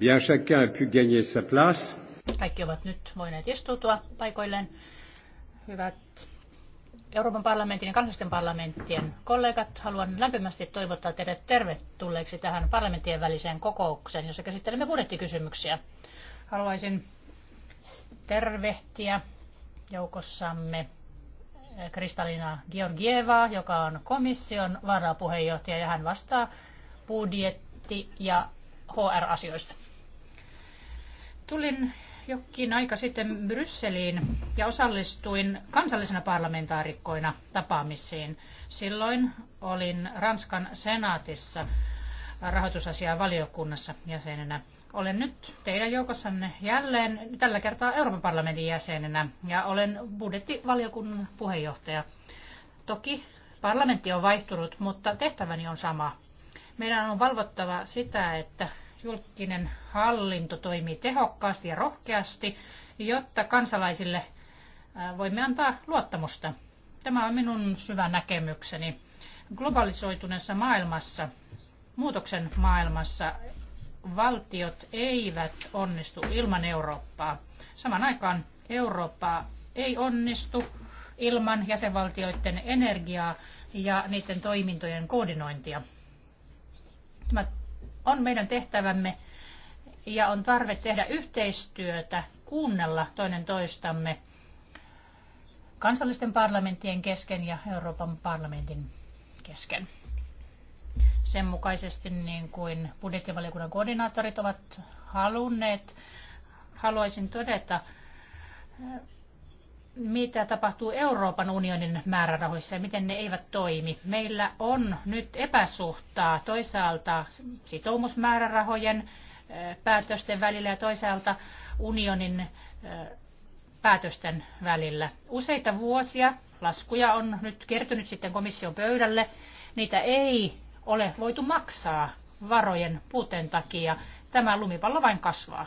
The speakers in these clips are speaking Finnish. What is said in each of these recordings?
Bien chacun a pu gagner sa place. Kaikki ovat nyt voineet istua paikoilleen. Hyvät Euroopan parlamentin ja kansallisten parlamenttien kollegat, haluan lämpimästi toivottaa teidät tervetulleeksi tähän parlamenttien väliseen kokoukseen, jossa käsittelemme budjettikysymyksiä. Haluaisin tervehtiä joukossamme Kristalina Georgieva, joka on komission varapuheenjohtaja ja hän vastaa budjetti- ja HR-asioista. Tulin jokin aika sitten Brysseliin ja osallistuin kansallisena parlamentaarikkoina tapaamisiin. Silloin olin Ranskan senaatissa rahoitusasiaa valiokunnassa jäsenenä. Olen nyt teidän joukossanne jälleen tällä kertaa Euroopan parlamentin jäsenenä ja olen budjettivaliokunnan puheenjohtaja. Toki parlamentti on vaihtunut, mutta tehtäväni on sama. Meidän on valvottava sitä, että julkinen hallinto toimii tehokkaasti ja rohkeasti, jotta kansalaisille voimme antaa luottamusta. Tämä on minun syvä näkemykseni. Globalisoituneessa maailmassa, muutoksen maailmassa, valtiot eivät onnistu ilman Eurooppaa. Saman aikaan Eurooppa ei onnistu ilman jäsenvaltioiden energiaa ja niiden toimintojen koordinointia. Tämä on meidän tehtävämme ja on tarve tehdä yhteistyötä, kuunnella toinen toistamme kansallisten parlamenttien kesken ja Euroopan parlamentin kesken. Sen mukaisesti niin kuin budjettivaliokunnan koordinaattorit ovat halunneet, haluaisin todeta mitä tapahtuu Euroopan unionin määrärahoissa ja miten ne eivät toimi. Meillä on nyt epäsuhtaa toisaalta sitoumusmäärärahojen päätösten välillä ja toisaalta unionin päätösten välillä. Useita vuosia laskuja on nyt kertynyt sitten komission pöydälle. Niitä ei ole voitu maksaa varojen puuteen takia. Tämä lumipallo vain kasvaa.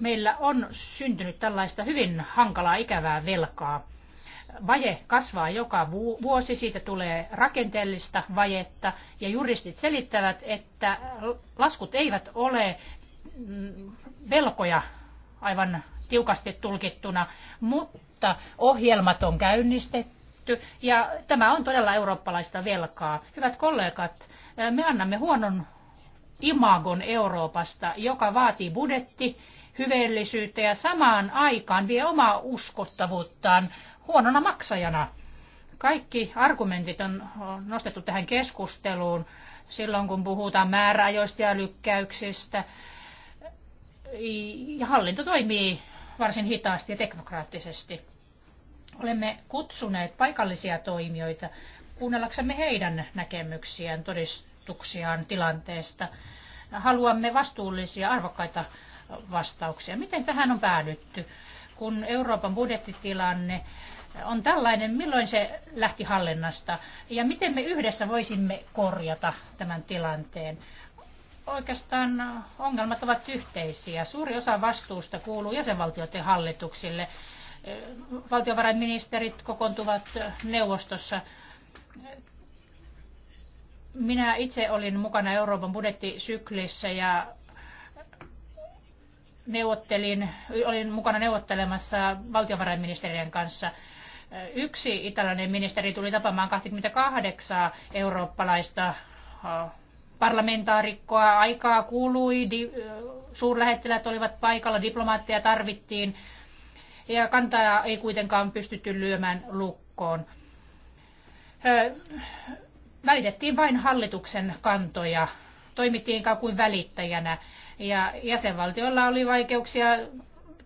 meillä on syntynyt tällaista hyvin hankalaa ikävää velkaa. Vaje kasvaa joka vuosi, siitä tulee rakenteellista vajetta ja juristit selittävät, että laskut eivät ole mm, velkoja aivan tiukasti tulkittuna, mutta ohjelmat on käynnistetty ja tämä on todella eurooppalaista velkaa. Hyvät kollegat, me annamme huonon imagon Euroopasta, joka vaatii budjetti hyveellisyyttä ja samaan aikaan vie omaa uskottavuuttaan huonona maksajana. Kaikki argumentit on nostettu tähän keskusteluun silloin, kun puhutaan määräajoista ja lykkäyksistä. Ja hallinto toimii varsin hitaasti ja teknokraattisesti. Olemme kutsuneet paikallisia toimijoita kuunnellaksemme heidän näkemyksiään, todistuksiaan tilanteesta. Haluamme vastuullisia, arvokkaita vastauksia. Miten tähän on päädytty? Kun Euroopan budjettitilanne on tällainen, milloin se lähti hallinnasta ja miten me yhdessä voisimme korjata tämän tilanteen? Oikeastaan ongelmat ovat yhteisiä. Suuri osa vastuusta kuuluu jäsenvaltioiden hallituksille. Valtiovarainministerit kokoontuvat neuvostossa minä itse olin mukana Euroopan budjettisyklissä ja neuvottelin, olin mukana neuvottelemassa valtiovarainministeriön kanssa. Yksi italainen ministeri tuli tapaamaan 28 eurooppalaista äh, parlamentaarikkoa. Aikaa kului, di, äh, olivat paikalla, diplomaatteja tarvittiin ja kantaja ei kuitenkaan pystytty lyömään lukkoon. Äh, välitettiin vain hallituksen kantoja, toimittiin kuin välittäjänä. Ja jäsenvaltioilla oli vaikeuksia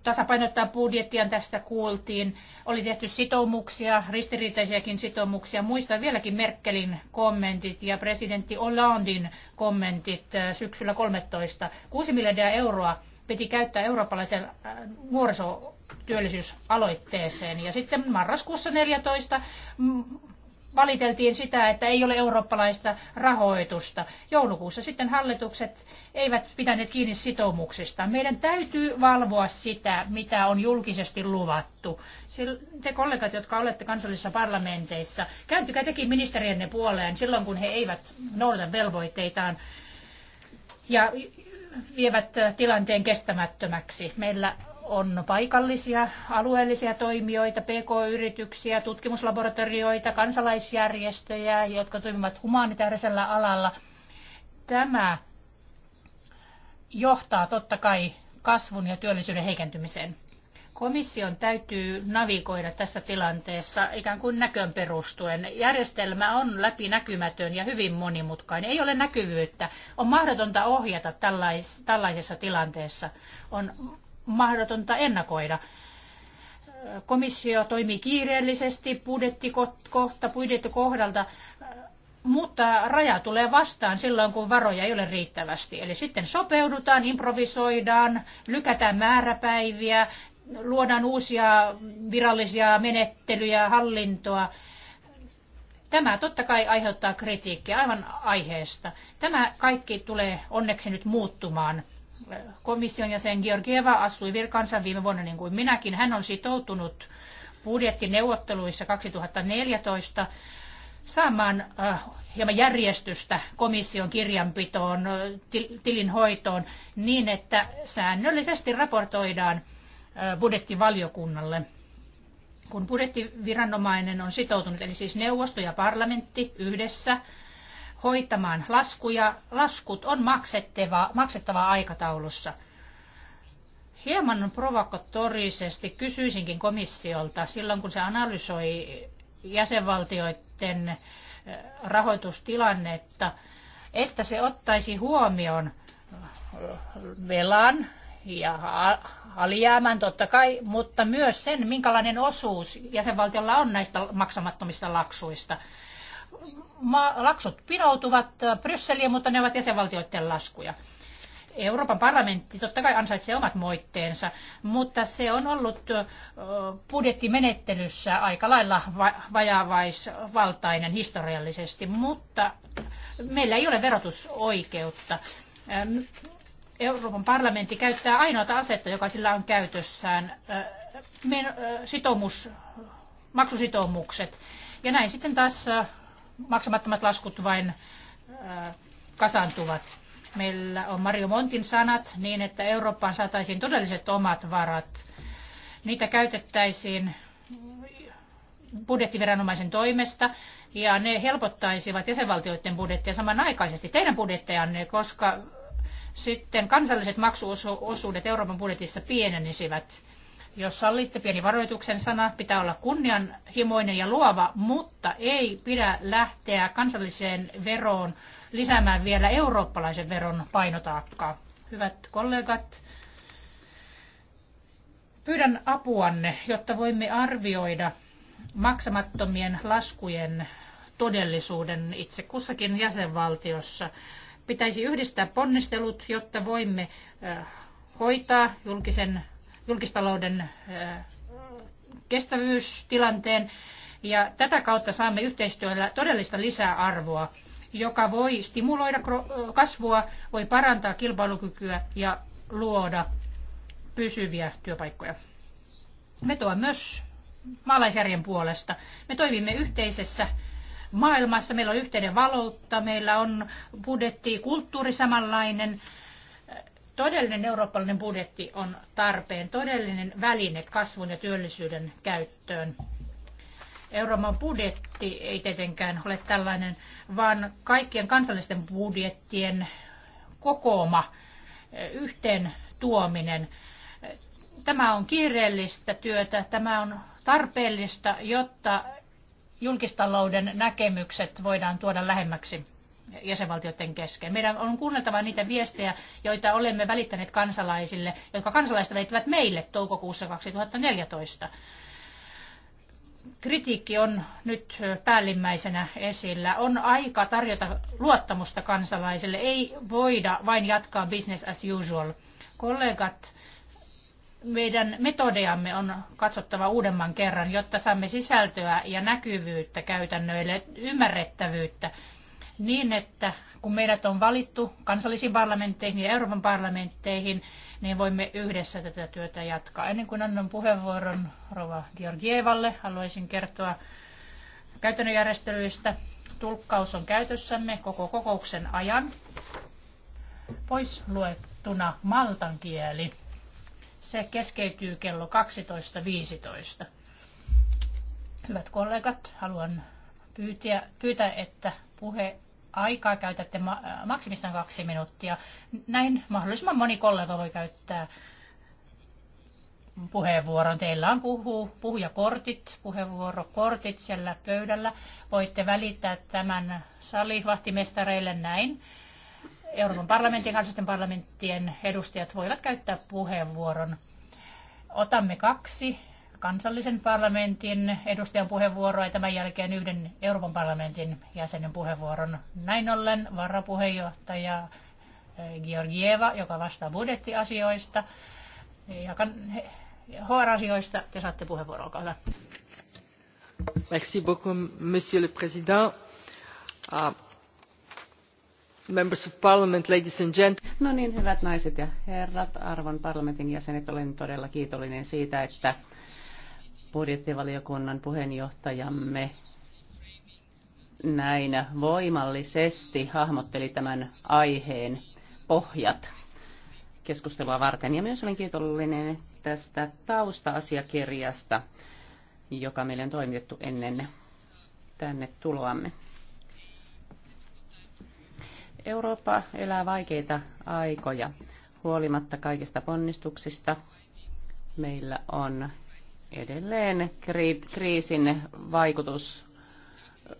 tasapainottaa budjettia, tästä kuultiin. Oli tehty sitoumuksia, ristiriitaisiakin sitoumuksia. Muistan vieläkin Merkelin kommentit ja presidentti Hollandin kommentit äh, syksyllä 13. 6 miljardia euroa piti käyttää eurooppalaisen äh, nuorisotyöllisyysaloitteeseen. Ja sitten marraskuussa 14 valiteltiin sitä, että ei ole eurooppalaista rahoitusta. Joulukuussa sitten hallitukset eivät pitäneet kiinni sitoumuksista. Meidän täytyy valvoa sitä, mitä on julkisesti luvattu. Te kollegat, jotka olette kansallisissa parlamenteissa, kääntykää tekin ministerienne puoleen silloin, kun he eivät noudata velvoitteitaan ja vievät tilanteen kestämättömäksi. Meillä on paikallisia, alueellisia toimijoita, pk-yrityksiä, tutkimuslaboratorioita, kansalaisjärjestöjä, jotka toimivat humanitaarisella alalla. Tämä johtaa totta kai kasvun ja työllisyyden heikentymiseen. Komission täytyy navigoida tässä tilanteessa ikään kuin näköön perustuen. Järjestelmä on läpinäkymätön ja hyvin monimutkainen. Ei ole näkyvyyttä. On mahdotonta ohjata tällaisessa tilanteessa. On mahdotonta ennakoida. Komissio toimii kiireellisesti budjettikohta budjettikohdalta, mutta raja tulee vastaan silloin, kun varoja ei ole riittävästi. Eli sitten sopeudutaan, improvisoidaan, lykätään määräpäiviä, luodaan uusia virallisia menettelyjä, hallintoa. Tämä totta kai aiheuttaa kritiikkiä aivan aiheesta. Tämä kaikki tulee onneksi nyt muuttumaan komission jäsen Georgieva astui virkansa viime vuonna niin kuin minäkin. Hän on sitoutunut budjettineuvotteluissa 2014 saamaan äh, hieman järjestystä komission kirjanpitoon, äh, tilinhoitoon, niin että säännöllisesti raportoidaan äh, budjettivaliokunnalle. Kun budjettiviranomainen on sitoutunut, eli siis neuvosto ja parlamentti yhdessä hoitamaan laskuja. Laskut on maksettava, maksettava aikataulussa. Hieman provokatorisesti kysyisinkin komissiolta silloin, kun se analysoi jäsenvaltioiden eh, rahoitustilannetta, että se ottaisi huomioon eh, velan ja alijäämän totta kai, mutta myös sen, minkälainen osuus jäsenvaltiolla on näistä maksamattomista laksuista laksut pinoutuvat äh, Brysseliin, mutta ne ovat jäsenvaltioiden laskuja. Euroopan parlamentti totta kai ansaitsee omat moitteensa, mutta se on ollut äh, budjettimenettelyssä aika lailla vajavaisvaltainen historiallisesti, mutta meillä ei ole verotusoikeutta. Ähm, Euroopan parlamentti käyttää ainoata asetta, joka sillä on käytössään, äh, sitoumus, maksusitoumukset. Ja näin sitten taas maksamattomat laskut vain kasantuvat. Meillä on Mario Montin sanat niin, että Eurooppaan saataisiin todelliset omat varat. Niitä käytettäisiin budjettiviranomaisen toimesta ja ne helpottaisivat jäsenvaltioiden budjettia samanaikaisesti teidän budjettejanne, koska sitten kansalliset maksuosuudet Euroopan budjetissa pienenisivät. Jos sallitte pieni varoituksen sana, pitää olla kunnianhimoinen ja luova, mutta ei pidä lähteä kansalliseen veroon lisäämään vielä eurooppalaisen veron painotaakkaa. Hyvät kollegat, pyydän apuanne, jotta voimme arvioida maksamattomien laskujen todellisuuden itse kussakin jäsenvaltiossa. Pitäisi yhdistää ponnistelut, jotta voimme hoitaa julkisen julkistalouden kestävyystilanteen. Ja tätä kautta saamme yhteistyöllä todellista lisäarvoa, joka voi stimuloida kasvua, voi parantaa kilpailukykyä ja luoda pysyviä työpaikkoja. toimme myös maalaisjärjen puolesta. Me toimimme yhteisessä maailmassa, meillä on yhteinen valuutta, meillä on budjetti, kulttuuri samanlainen Todellinen eurooppalainen budjetti on tarpeen, todellinen väline kasvun ja työllisyyden käyttöön. Euroopan budjetti ei tietenkään ole tällainen, vaan kaikkien kansallisten budjettien kokooma yhteen tuominen. Tämä on kiireellistä työtä, tämä on tarpeellista, jotta julkistalouden näkemykset voidaan tuoda lähemmäksi jäsenvaltioiden kesken. Meidän on kuunneltava niitä viestejä, joita olemme välittäneet kansalaisille, jotka kansalaiset välittävät meille toukokuussa 2014. Kritiikki on nyt päällimmäisenä esillä. On aika tarjota luottamusta kansalaisille. Ei voida vain jatkaa business as usual. Kollegat, meidän metodejamme on katsottava uudemman kerran, jotta saamme sisältöä ja näkyvyyttä käytännöille, ymmärrettävyyttä niin, että kun meidät on valittu kansallisiin parlamentteihin ja Euroopan parlamentteihin, niin voimme yhdessä tätä työtä jatkaa. Ennen kuin annan puheenvuoron Rova Georgievalle, haluaisin kertoa käytännön järjestelyistä. Tulkkaus on käytössämme koko kokouksen ajan. Pois luettuna maltan kieli. Se keskeytyy kello 12.15. Hyvät kollegat, haluan pyytää pyytää, että puhe aikaa käytätte äh, maksimissaan kaksi minuuttia. Näin mahdollisimman moni kollega voi käyttää puheenvuoron. Teillä on puhu, puhujakortit, puheenvuorokortit siellä pöydällä. Voitte välittää tämän salivahtimestareille näin. Euroopan parlamentin ja kansallisten parlamenttien edustajat voivat käyttää puheenvuoron. Otamme kaksi kansallisen parlamentin edustajan puheenvuoroa ja tämän jälkeen yhden Euroopan parlamentin jäsenen puheenvuoron. Näin ollen varapuheenjohtaja eh, Georgieva, joka vastaa budjettiasioista ja HR-asioista, te saatte puheenvuoron, olkaa hyvä. Merci beaucoup, monsieur le président. Uh, members of parliament, ladies and gentlemen. No niin, hyvät naiset ja herrat, arvon parlamentin jäsenet, olen todella kiitollinen siitä, että budjettivaliokunnan puheenjohtajamme näin voimallisesti hahmotteli tämän aiheen pohjat keskustelua varten. Ja myös olen kiitollinen tästä tausta-asiakirjasta, joka meille on toimitettu ennen tänne tuloamme. Eurooppa elää vaikeita aikoja. Huolimatta kaikista ponnistuksista meillä on edelleen kriisin vaikutus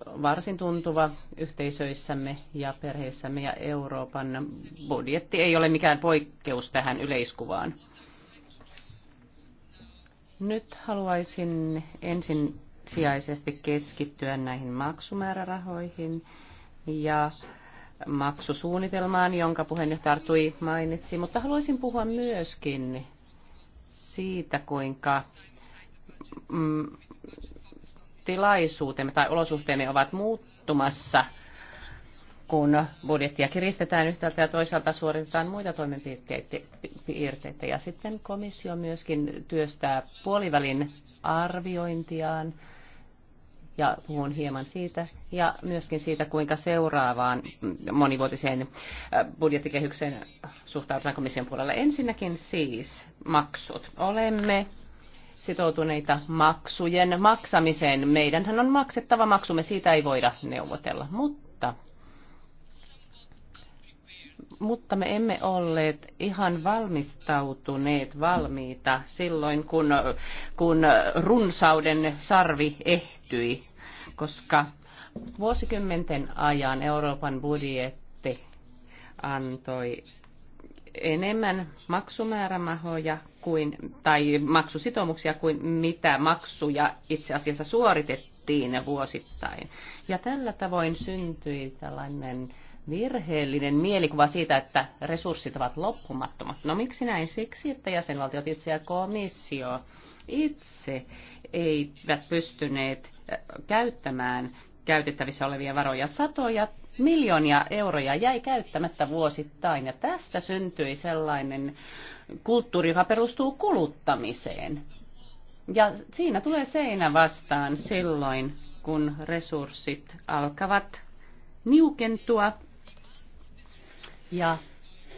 varsin tuntuva yhteisöissämme ja perheissämme ja Euroopan budjetti ei ole mikään poikkeus tähän yleiskuvaan. Nyt haluaisin ensisijaisesti keskittyä näihin maksumäärärahoihin ja maksusuunnitelmaan, jonka puheenjohtaja Artui mainitsi, mutta haluaisin puhua myöskin siitä, kuinka tilaisuutemme tai olosuhteemme ovat muuttumassa, kun budjettia kiristetään yhtäältä ja toisaalta suoritetaan muita toimenpiteitä. Ja sitten komissio myöskin työstää puolivälin arviointiaan ja puhun hieman siitä ja myöskin siitä, kuinka seuraavaan monivuotiseen äh, budjettikehykseen suhtaudutaan komission puolella. Ensinnäkin siis maksut. Olemme sitoutuneita maksujen maksamiseen. Meidänhän on maksettava maksumme, siitä ei voida neuvotella, mutta, mutta me emme olleet ihan valmistautuneet valmiita silloin, kun, kun runsauden sarvi ehtyi, koska vuosikymmenten ajan Euroopan budjetti antoi enemmän maksumäärämahoja kuin, tai maksusitoumuksia kuin mitä maksuja itse asiassa suoritettiin vuosittain. Ja tällä tavoin syntyi tällainen virheellinen mielikuva siitä, että resurssit ovat loppumattomat. No miksi näin? Siksi, että jäsenvaltiot itse ja komissio itse eivät pystyneet käyttämään käytettävissä olevia varoja. Satoja miljoonia euroja jäi käyttämättä vuosittain ja tästä syntyi sellainen kulttuuri, joka perustuu kuluttamiseen. Ja siinä tulee seinä vastaan silloin, kun resurssit alkavat niukentua ja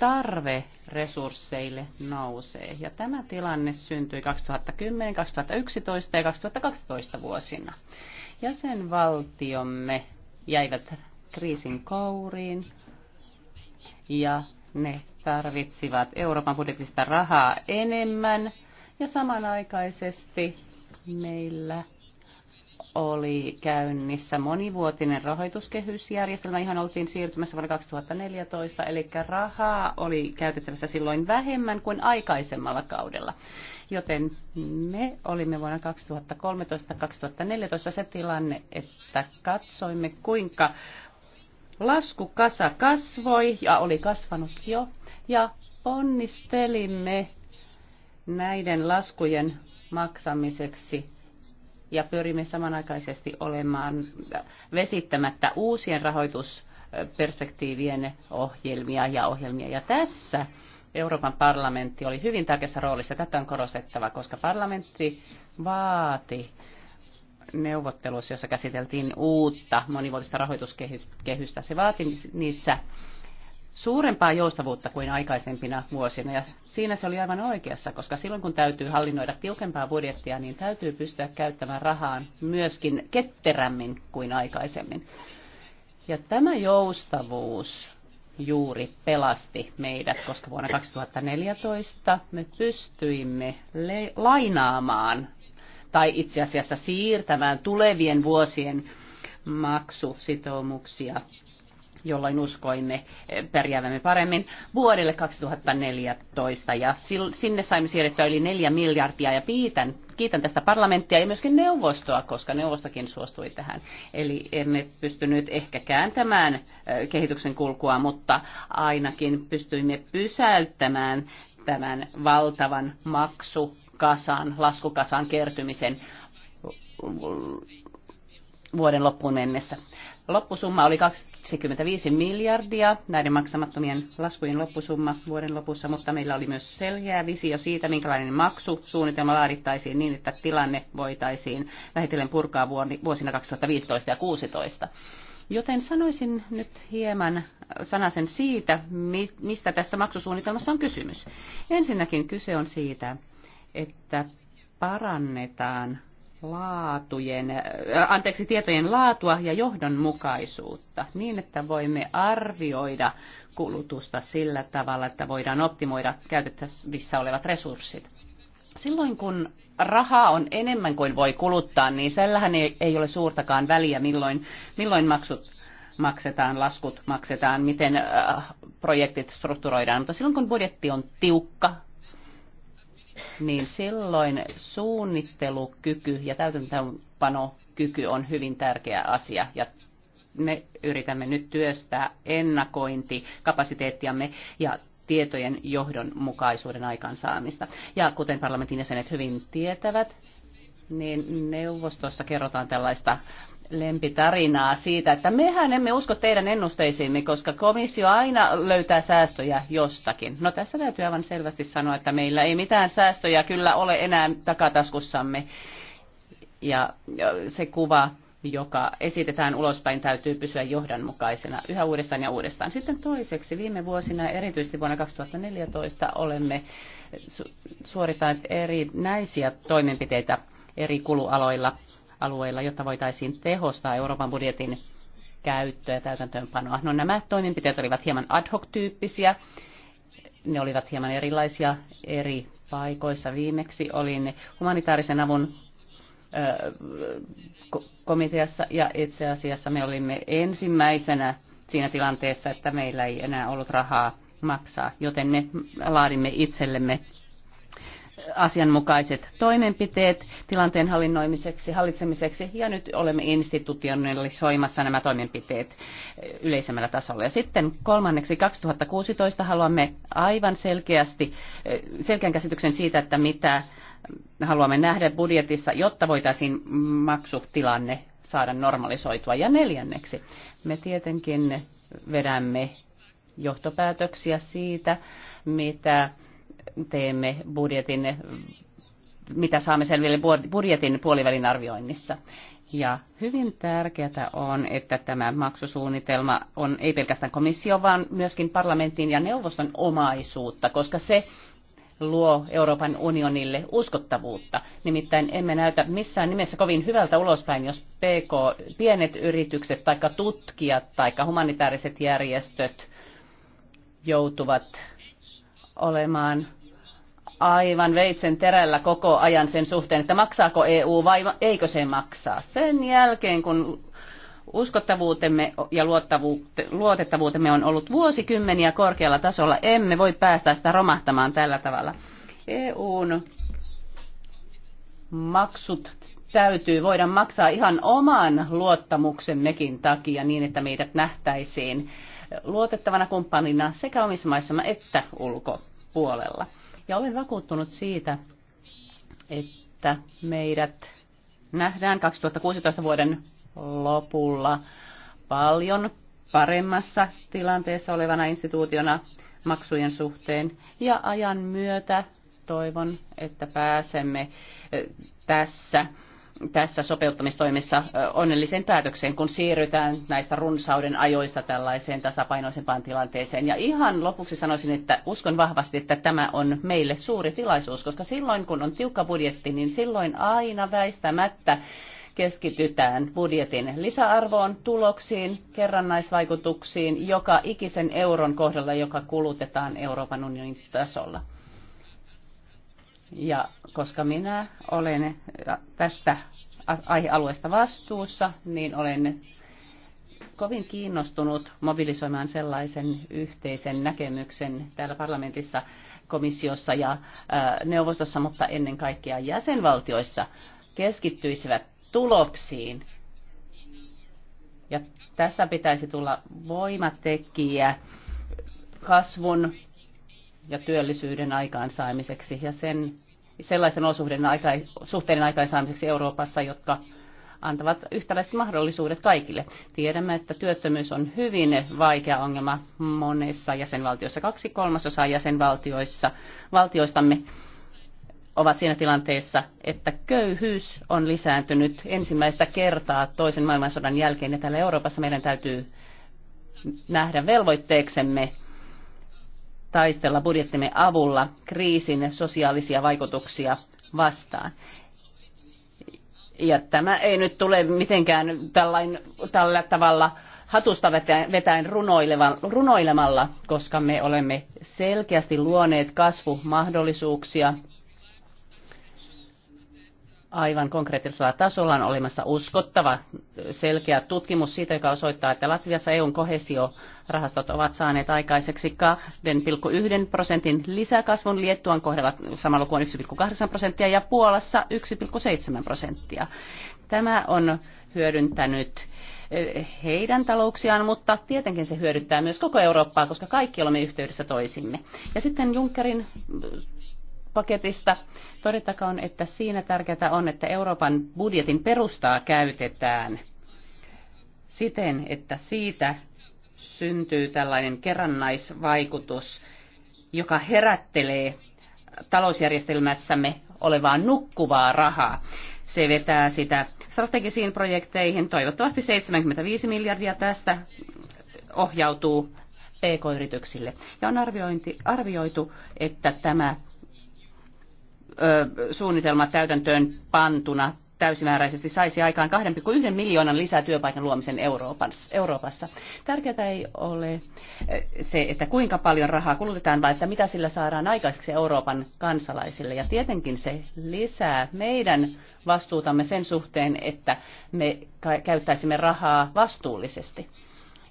tarve resursseille nousee. Ja tämä tilanne syntyi 2010, 2011 ja 2012 vuosina. Jäsenvaltiomme jäivät kriisin kouriin ja ne tarvitsivat Euroopan budjetista rahaa enemmän ja samanaikaisesti meillä oli käynnissä monivuotinen rahoituskehysjärjestelmä, ihan oltiin siirtymässä vuonna 2014, eli rahaa oli käytettävissä silloin vähemmän kuin aikaisemmalla kaudella. Joten me olimme vuonna 2013-2014 se tilanne, että katsoimme kuinka laskukasa kasvoi ja oli kasvanut jo ja ponnistelimme näiden laskujen maksamiseksi ja pyrimme samanaikaisesti olemaan vesittämättä uusien rahoitusperspektiivien ohjelmia ja ohjelmia. Ja tässä Euroopan parlamentti oli hyvin tärkeässä roolissa. Tätä on korostettava, koska parlamentti vaati neuvotteluissa, jossa käsiteltiin uutta monivuotista rahoituskehystä. Se vaati niissä suurempaa joustavuutta kuin aikaisempina vuosina. Ja siinä se oli aivan oikeassa, koska silloin kun täytyy hallinnoida tiukempaa budjettia, niin täytyy pystyä käyttämään rahaa myöskin ketterämmin kuin aikaisemmin. Ja tämä joustavuus juuri pelasti meidät, koska vuonna 2014 me pystyimme lainaamaan tai itse asiassa siirtämään tulevien vuosien maksusitoumuksia jolloin uskoimme pärjäävämme paremmin, vuodelle 2014. Ja sinne saimme siirrettyä yli 4 miljardia ja piitän, kiitän tästä parlamenttia ja myöskin neuvostoa, koska neuvostokin suostui tähän. Eli emme pystyneet ehkä kääntämään kehityksen kulkua, mutta ainakin pystyimme pysäyttämään tämän valtavan maksukasan, laskukasan kertymisen vuoden loppuun mennessä. Loppusumma oli 25 miljardia, näiden maksamattomien laskujen loppusumma vuoden lopussa, mutta meillä oli myös selkeä visio siitä, minkälainen maksusuunnitelma laadittaisiin niin, että tilanne voitaisiin vähitellen purkaa vuosina 2015 ja 2016. Joten sanoisin nyt hieman sanasen siitä, mistä tässä maksusuunnitelmassa on kysymys. Ensinnäkin kyse on siitä, että parannetaan laatujen, äh, anteeksi, tietojen laatua ja johdonmukaisuutta niin, että voimme arvioida kulutusta sillä tavalla, että voidaan optimoida käytettävissä olevat resurssit. Silloin kun rahaa on enemmän kuin voi kuluttaa, niin sellähän ei, ei ole suurtakaan väliä, milloin, milloin maksut maksetaan, laskut maksetaan, miten äh, projektit strukturoidaan. Mutta silloin kun budjetti on tiukka, niin silloin suunnittelukyky ja täytäntöönpanokyky on hyvin tärkeä asia. Ja me yritämme nyt työstää ennakointikapasiteettiamme ja tietojen johdonmukaisuuden aikaansaamista. Ja kuten parlamentin jäsenet hyvin tietävät, niin neuvostossa kerrotaan tällaista lempitarinaa siitä, että mehän emme usko teidän ennusteisiimme, koska komissio aina löytää säästöjä jostakin. No tässä täytyy aivan selvästi sanoa, että meillä ei mitään säästöjä kyllä ole enää takataskussamme. Ja se kuva, joka esitetään ulospäin, täytyy pysyä johdonmukaisena yhä uudestaan ja uudestaan. Sitten toiseksi, viime vuosina, erityisesti vuonna 2014, olemme suorittaneet erinäisiä toimenpiteitä eri kulualoilla – alueilla, jotta voitaisiin tehostaa Euroopan budjetin käyttöä ja täytäntöönpanoa. No nämä toimenpiteet olivat hieman ad hoc-tyyppisiä. Ne olivat hieman erilaisia eri paikoissa. Viimeksi olin humanitaarisen avun komiteassa ja itse asiassa me olimme ensimmäisenä siinä tilanteessa, että meillä ei enää ollut rahaa maksaa, joten me laadimme itsellemme asianmukaiset toimenpiteet tilanteen hallinnoimiseksi, hallitsemiseksi ja nyt olemme institutionalisoimassa nämä toimenpiteet yleisemmällä tasolla. Ja sitten kolmanneksi 2016 haluamme aivan selkeästi, selkeän käsityksen siitä, että mitä haluamme nähdä budjetissa, jotta voitaisiin maksutilanne saada normalisoitua. Ja neljänneksi me tietenkin vedämme johtopäätöksiä siitä, mitä teemme budjetin, mitä saamme selville budjetin puolivälin arvioinnissa. Ja hyvin tärkeää on, että tämä maksusuunnitelma on ei pelkästään komissio, vaan myöskin parlamentin ja neuvoston omaisuutta, koska se luo Euroopan unionille uskottavuutta. Nimittäin emme näytä missään nimessä kovin hyvältä ulospäin, jos PK, pienet yritykset tai tutkijat tai humanitaariset järjestöt joutuvat olemaan aivan veitsen terällä koko ajan sen suhteen, että maksaako EU vai eikö se maksaa. Sen jälkeen, kun uskottavuutemme ja luotettavuutemme on ollut vuosikymmeniä korkealla tasolla, emme voi päästä sitä romahtamaan tällä tavalla. EUn maksut täytyy voida maksaa ihan oman luottamuksemmekin takia niin, että meidät nähtäisiin luotettavana kumppanina sekä omissa maissamme että ulkopuolella. Ja olen vakuuttunut siitä, että meidät nähdään 2016 vuoden lopulla paljon paremmassa tilanteessa olevana instituutiona maksujen suhteen. Ja ajan myötä toivon, että pääsemme tässä tässä sopeuttamistoimissa onnelliseen päätökseen, kun siirrytään näistä runsauden ajoista tällaiseen tasapainoisempaan tilanteeseen. Ja ihan lopuksi sanoisin, että uskon vahvasti, että tämä on meille suuri tilaisuus, koska silloin kun on tiukka budjetti, niin silloin aina väistämättä keskitytään budjetin lisäarvoon, tuloksiin, kerrannaisvaikutuksiin, joka ikisen euron kohdalla, joka kulutetaan Euroopan unionin tasolla. Ja koska minä olen tästä aihealueesta vastuussa, niin olen kovin kiinnostunut mobilisoimaan sellaisen yhteisen näkemyksen täällä parlamentissa, komissiossa ja neuvostossa, mutta ennen kaikkea jäsenvaltioissa keskittyisivät tuloksiin. Ja tästä pitäisi tulla voimatekijä kasvun ja työllisyyden aikaansaamiseksi ja sen, sellaisen osuuden aika, suhteiden aikaansaamiseksi Euroopassa, jotka antavat yhtäläiset mahdollisuudet kaikille. Tiedämme, että työttömyys on hyvin vaikea ongelma monessa jäsenvaltiossa. Kaksi kolmasosaa jäsenvaltioissa valtioistamme ovat siinä tilanteessa, että köyhyys on lisääntynyt ensimmäistä kertaa toisen maailmansodan jälkeen, ja täällä Euroopassa meidän täytyy nähdä velvoitteeksemme taistella budjettimme avulla kriisin sosiaalisia vaikutuksia vastaan. Ja tämä ei nyt tule mitenkään tällain, tällä tavalla hatusta vetäen runoilemalla, koska me olemme selkeästi luoneet kasvumahdollisuuksia aivan konkreettisella tasolla on olemassa uskottava, selkeä tutkimus siitä, joka osoittaa, että Latviassa EUn kohesiorahastot ovat saaneet aikaiseksi 2,1 prosentin lisäkasvun, Liettuan kohdalla sama luku on 1,8 prosenttia ja Puolassa 1,7 prosenttia. Tämä on hyödyntänyt eh, heidän talouksiaan, mutta tietenkin se hyödyttää myös koko Eurooppaa, koska kaikki olemme yhteydessä toisimme. Ja sitten Junckerin paketista. Todettakoon, että siinä tärkeää on, että Euroopan budjetin perustaa käytetään siten, että siitä syntyy tällainen kerrannaisvaikutus, joka herättelee talousjärjestelmässämme olevaa nukkuvaa rahaa. Se vetää sitä strategisiin projekteihin. Toivottavasti 75 miljardia tästä ohjautuu PK-yrityksille. Ja on arviointi, arvioitu, että tämä suunnitelma täytäntöön pantuna täysimääräisesti saisi aikaan 2,1 miljoonan lisää työpaikan luomisen Euroopassa. Tärkeää ei ole se, että kuinka paljon rahaa kulutetaan, vaan että mitä sillä saadaan aikaiseksi Euroopan kansalaisille. Ja tietenkin se lisää meidän vastuutamme sen suhteen, että me käyttäisimme rahaa vastuullisesti.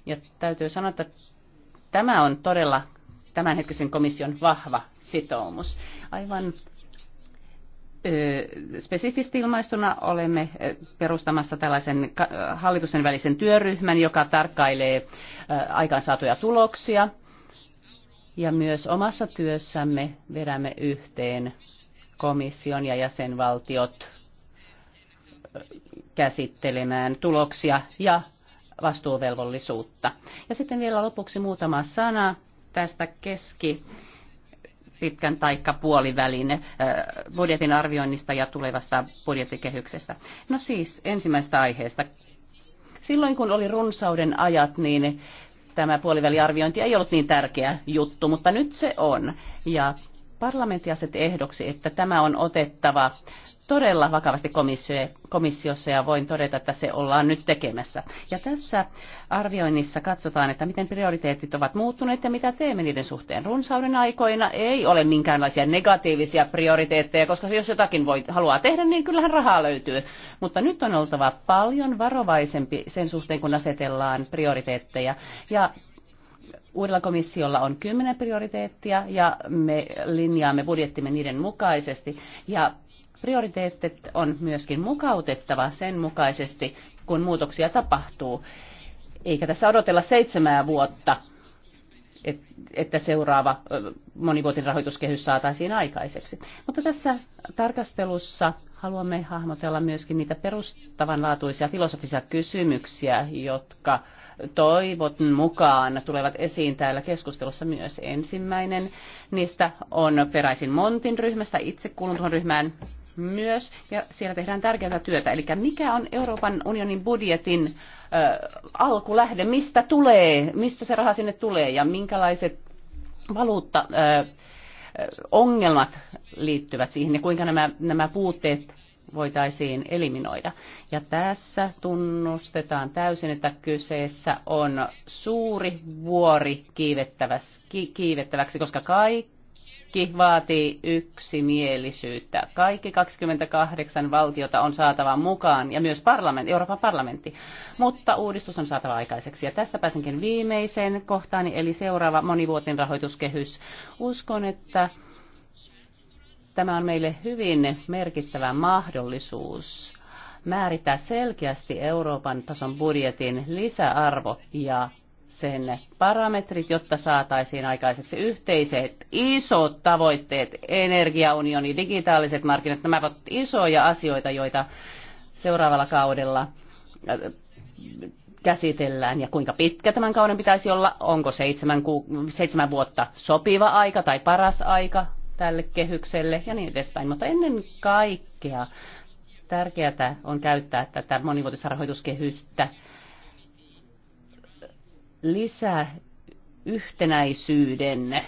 Ja täytyy sanoa, että tämä on todella tämänhetkisen komission vahva sitoumus. Aivan spesifisti ilmaistuna olemme perustamassa tällaisen hallitusten välisen työryhmän, joka tarkkailee aikaansaatuja tuloksia. Ja myös omassa työssämme vedämme yhteen komission ja jäsenvaltiot käsittelemään tuloksia ja vastuuvelvollisuutta. Ja sitten vielä lopuksi muutama sana tästä keski- pitkän taikka puolivälin äh, budjetin arvioinnista ja tulevasta budjettikehyksestä. No siis ensimmäistä aiheesta. Silloin kun oli runsauden ajat, niin tämä puoliväliarviointi ei ollut niin tärkeä juttu, mutta nyt se on. Ja parlamentti asetti ehdoksi, että tämä on otettava todella vakavasti komissiossa ja voin todeta, että se ollaan nyt tekemässä. Ja tässä arvioinnissa katsotaan, että miten prioriteetit ovat muuttuneet ja mitä teemme niiden suhteen. Runsauden aikoina ei ole minkäänlaisia negatiivisia prioriteetteja, koska jos jotakin voi, haluaa tehdä, niin kyllähän rahaa löytyy. Mutta nyt on oltava paljon varovaisempi sen suhteen, kun asetellaan prioriteetteja. Ja uudella komissiolla on kymmenen prioriteettia ja me linjaamme budjettimme niiden mukaisesti. Ja prioriteetit on myöskin mukautettava sen mukaisesti, kun muutoksia tapahtuu. Eikä tässä odotella seitsemää vuotta, että seuraava monivuotinen rahoituskehys saataisiin aikaiseksi. Mutta tässä tarkastelussa haluamme hahmotella myöskin niitä perustavanlaatuisia filosofisia kysymyksiä, jotka toivon mukaan tulevat esiin täällä keskustelussa myös. Ensimmäinen niistä on peräisin Montin ryhmästä, itse kuulun tuohon ryhmään myös, ja siellä tehdään tärkeää työtä. Eli mikä on Euroopan unionin budjetin ö, alkulähde, mistä tulee, mistä se raha sinne tulee, ja minkälaiset valuutta... Ö, ongelmat liittyvät siihen ja kuinka nämä, nämä puutteet voitaisiin eliminoida. Ja tässä tunnustetaan täysin, että kyseessä on suuri vuori kiivettäväksi, koska kaikki vaatii yksimielisyyttä. Kaikki 28 valtiota on saatava mukaan ja myös parlamentti, Euroopan parlamentti. Mutta uudistus on saatava aikaiseksi. Ja tästä pääsenkin viimeiseen kohtaani, eli seuraava monivuotinen rahoituskehys. Uskon, että Tämä on meille hyvin merkittävä mahdollisuus määrittää selkeästi Euroopan tason budjetin lisäarvo ja sen parametrit, jotta saataisiin aikaiseksi yhteiset isot tavoitteet, energiaunioni, digitaaliset markkinat. Nämä ovat isoja asioita, joita seuraavalla kaudella äh, käsitellään ja kuinka pitkä tämän kauden pitäisi olla, onko seitsemän, ku, seitsemän vuotta sopiva aika tai paras aika tälle kehykselle ja niin edespäin. Mutta ennen kaikkea tärkeää on käyttää tätä monivuotisrahoituskehystä lisää yhtenäisyyden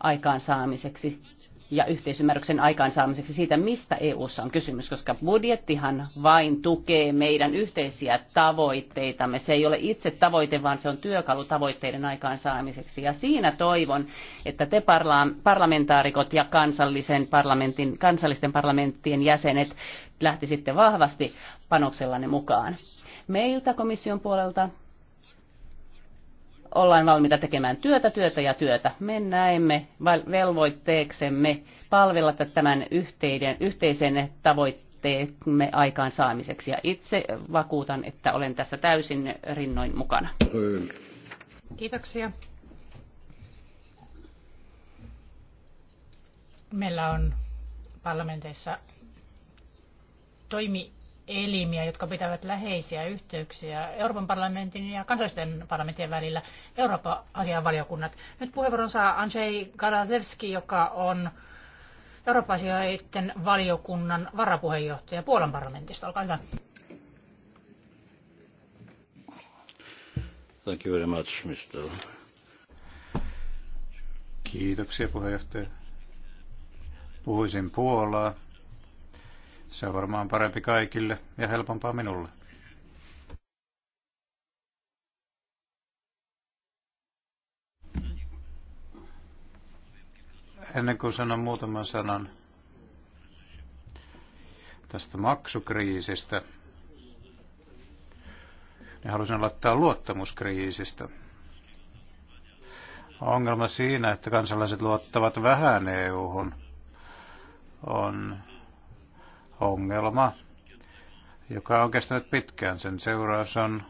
aikaansaamiseksi ja yhteisymmärryksen aikaansaamiseksi siitä, mistä EU:ssa on kysymys, koska budjettihan vain tukee meidän yhteisiä tavoitteitamme. Se ei ole itse tavoite, vaan se on työkalu tavoitteiden aikaansaamiseksi. Ja siinä toivon, että te parlamentaarikot ja kansallisen parlamentin, kansallisten parlamenttien jäsenet lähtisitte vahvasti panoksellanne mukaan. Meiltä komission puolelta ollaan valmiita tekemään työtä, työtä ja työtä. Me näemme velvoitteeksemme palvella tämän yhteiden, yhteisen tavoitteemme aikaansaamiseksi. Ja itse vakuutan, että olen tässä täysin rinnoin mukana. Kiitoksia. Meillä on parlamenteissa toimi elimiä, jotka pitävät läheisiä yhteyksiä Euroopan parlamentin ja kansallisten parlamenttien välillä, Euroopan valiokunnat. Nyt puheenvuoron saa Andrzej Garazewski, joka on Euroopan asioiden valiokunnan varapuheenjohtaja Puolan parlamentista. Olkaa hyvä. Thank you very much, Mr. Kiitoksia puheenjohtaja. Puhuisin Puolaa. Se on varmaan parempi kaikille ja helpompaa minulle. Ennen kuin sanon muutaman sanan tästä maksukriisistä, niin halusin aloittaa luottamuskriisistä. Ongelma siinä, että kansalaiset luottavat vähän EU-hun, on ongelma, joka on kestänyt pitkään. Sen seuraus on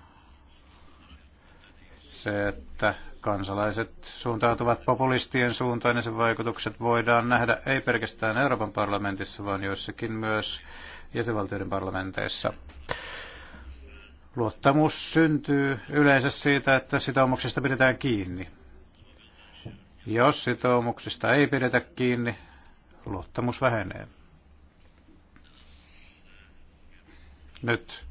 se, että kansalaiset suuntautuvat populistien suuntaan ja sen vaikutukset voidaan nähdä ei pelkästään Euroopan parlamentissa, vaan joissakin myös jäsenvaltioiden parlamenteissa. Luottamus syntyy yleensä siitä, että sitoumuksista pidetään kiinni. Jos sitoumuksista ei pidetä kiinni, luottamus vähenee. nyt.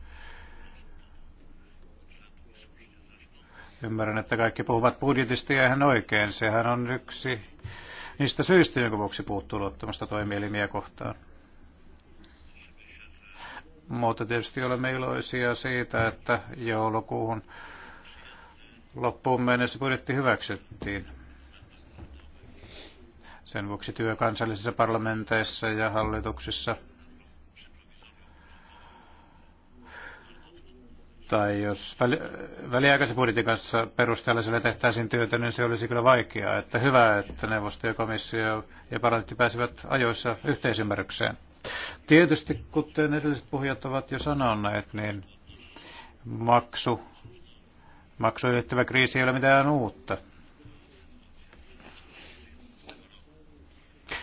Ymmärrän, että kaikki puhuvat budjetista ja ihan oikein. Sehän on yksi niistä syistä, jonka vuoksi puuttuu luottamasta toimielimiä kohtaan. Mutta tietysti olemme iloisia siitä, että joulukuuhun loppuun mennessä budjetti hyväksyttiin. Sen vuoksi työ kansallisissa parlamenteissa ja hallituksissa – tai jos väliaikaisen budjetin kanssa perusteellisella tehtäisiin työtä, niin se olisi kyllä vaikeaa. Että hyvä, että neuvosto ja komissio ja parlamentti pääsivät ajoissa yhteisymmärrykseen. Tietysti, kuten edelliset puhujat ovat jo sanoneet, niin maksu, maksu ylittävä kriisi ei ole mitään uutta.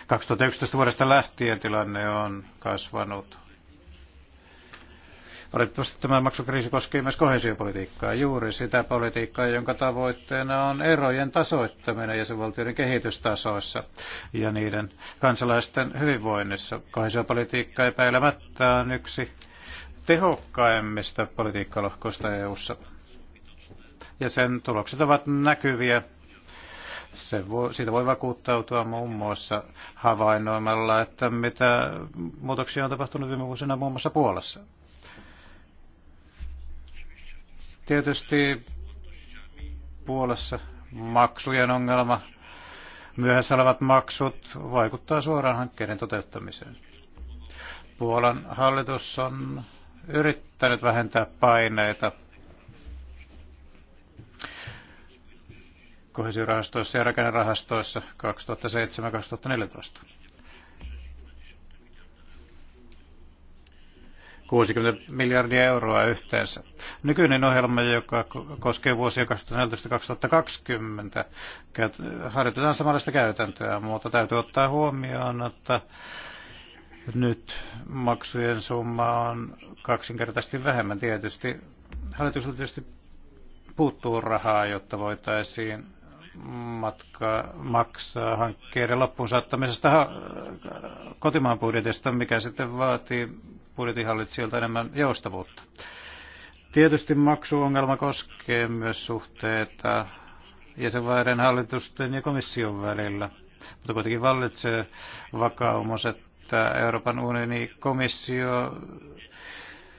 2011 vuodesta lähtien tilanne on kasvanut Valitettavasti tämä maksukriisi koskee myös kohesiopolitiikkaa, juuri sitä politiikkaa, jonka tavoitteena on erojen tasoittaminen jäsenvaltioiden kehitystasoissa ja niiden kansalaisten hyvinvoinnissa. Kohesiopolitiikka epäilemättä on yksi tehokkaimmista politiikkalohkoista EU-ssa. Ja sen tulokset ovat näkyviä se voi, siitä voi vakuuttautua muun muassa havainnoimalla, että mitä muutoksia on tapahtunut viime vuosina muun muassa Puolassa. Tietysti Puolassa maksujen ongelma, myöhässä olevat maksut vaikuttaa suoraan hankkeiden toteuttamiseen. Puolan hallitus on yrittänyt vähentää paineita kohesiorahastoissa ja rakennerahastoissa 2007-2014. 60 miljardia euroa yhteensä. Nykyinen ohjelma, joka koskee vuosia 2014-2020, harjoitetaan samanlaista käytäntöä, mutta täytyy ottaa huomioon, että nyt maksujen summa on kaksinkertaisesti vähemmän tietysti. Hallitus tietysti puuttuu rahaa, jotta voitaisiin matka, maksaa hankkeiden loppuun saattamisesta kotimaan budjetista, mikä sitten vaatii budjetinhallitsijoilta enemmän joustavuutta. Tietysti maksuongelma koskee myös suhteita jäsenvaiden hallitusten ja komission välillä, mutta kuitenkin vallitsee vakaumus, että Euroopan unioni komissio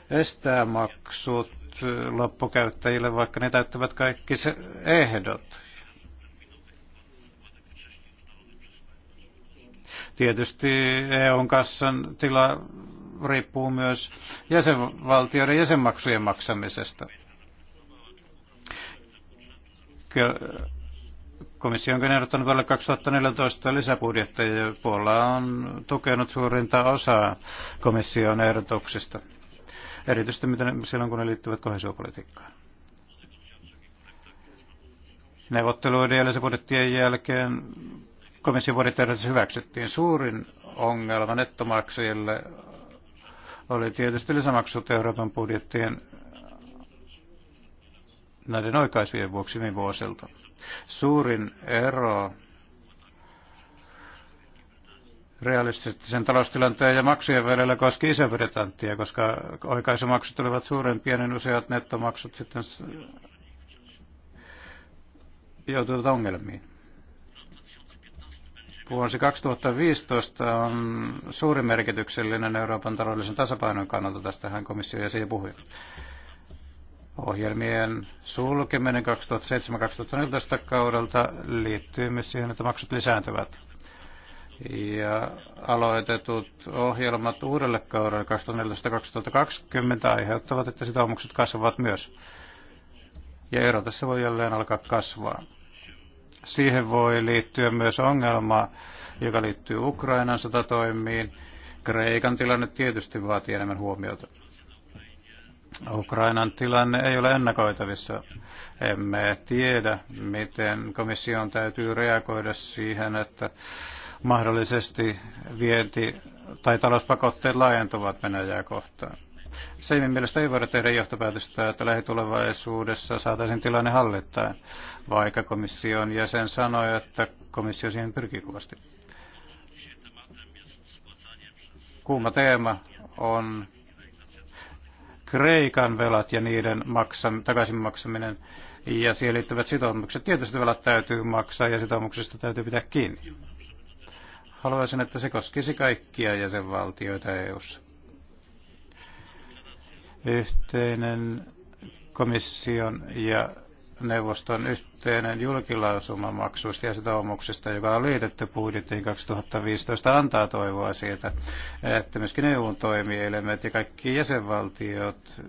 estää maksut loppukäyttäjille, vaikka ne täyttävät kaikki se ehdot. Tietysti EUn kassan tila riippuu myös jäsenvaltioiden jäsenmaksujen maksamisesta. Komissio on ehdottanut vuodelle 2014 lisäbudjetteja ja Puola on tukenut suurinta osaa komission ehdotuksista, erityisesti miten silloin kun ne liittyvät kohesiopolitiikkaan. Neuvotteluiden ja lisäbudjettien jälkeen komission vuoditehdotus hyväksyttiin. Suurin ongelma nettomaksajille oli tietysti lisämaksut Euroopan budjettien näiden oikaisujen vuoksi viime vuosilta. Suurin ero realistisen taloustilanteen ja maksujen välillä koski iso koska oikaisumaksut olivat suurempia, niin useat nettomaksut sitten joutuivat ongelmiin. Vuosi 2015 on suuri merkityksellinen Euroopan taloudellisen tasapainon kannalta. Tästähän komissio ja siihen puhui. Ohjelmien sulkeminen 2007-2014 kaudelta liittyy myös siihen, että maksut lisääntyvät. Ja aloitetut ohjelmat uudelle kaudelle 2014-2020 aiheuttavat, että sitoumukset kasvavat myös. Ja ero tässä voi jälleen alkaa kasvaa. Siihen voi liittyä myös ongelma, joka liittyy Ukrainan sotatoimiin. Kreikan tilanne tietysti vaatii enemmän huomiota. Ukrainan tilanne ei ole ennakoitavissa. Emme tiedä, miten komission täytyy reagoida siihen, että mahdollisesti vienti- tai talouspakotteet laajentuvat Venäjää kohtaan. Seimin mielestä ei voida tehdä johtopäätöstä, että lähitulevaisuudessa saataisiin tilanne hallittaa, vaikka komission jäsen sanoi, että komissio siihen pyrkii kovasti. Kuuma teema on Kreikan velat ja niiden maksan, takaisin maksaminen ja siihen liittyvät sitoumukset. Tietysti velat täytyy maksaa ja sitoumuksista täytyy pitää kiinni. Haluaisin, että se koskisi kaikkia jäsenvaltioita EU:ssa. Yhteinen komission ja neuvoston yhteinen julkilausuma maksuista ja sitoumuksista, joka on liitetty budjettiin 2015, antaa toivoa siitä, että myöskin EUn toimielimet ja kaikki jäsenvaltiot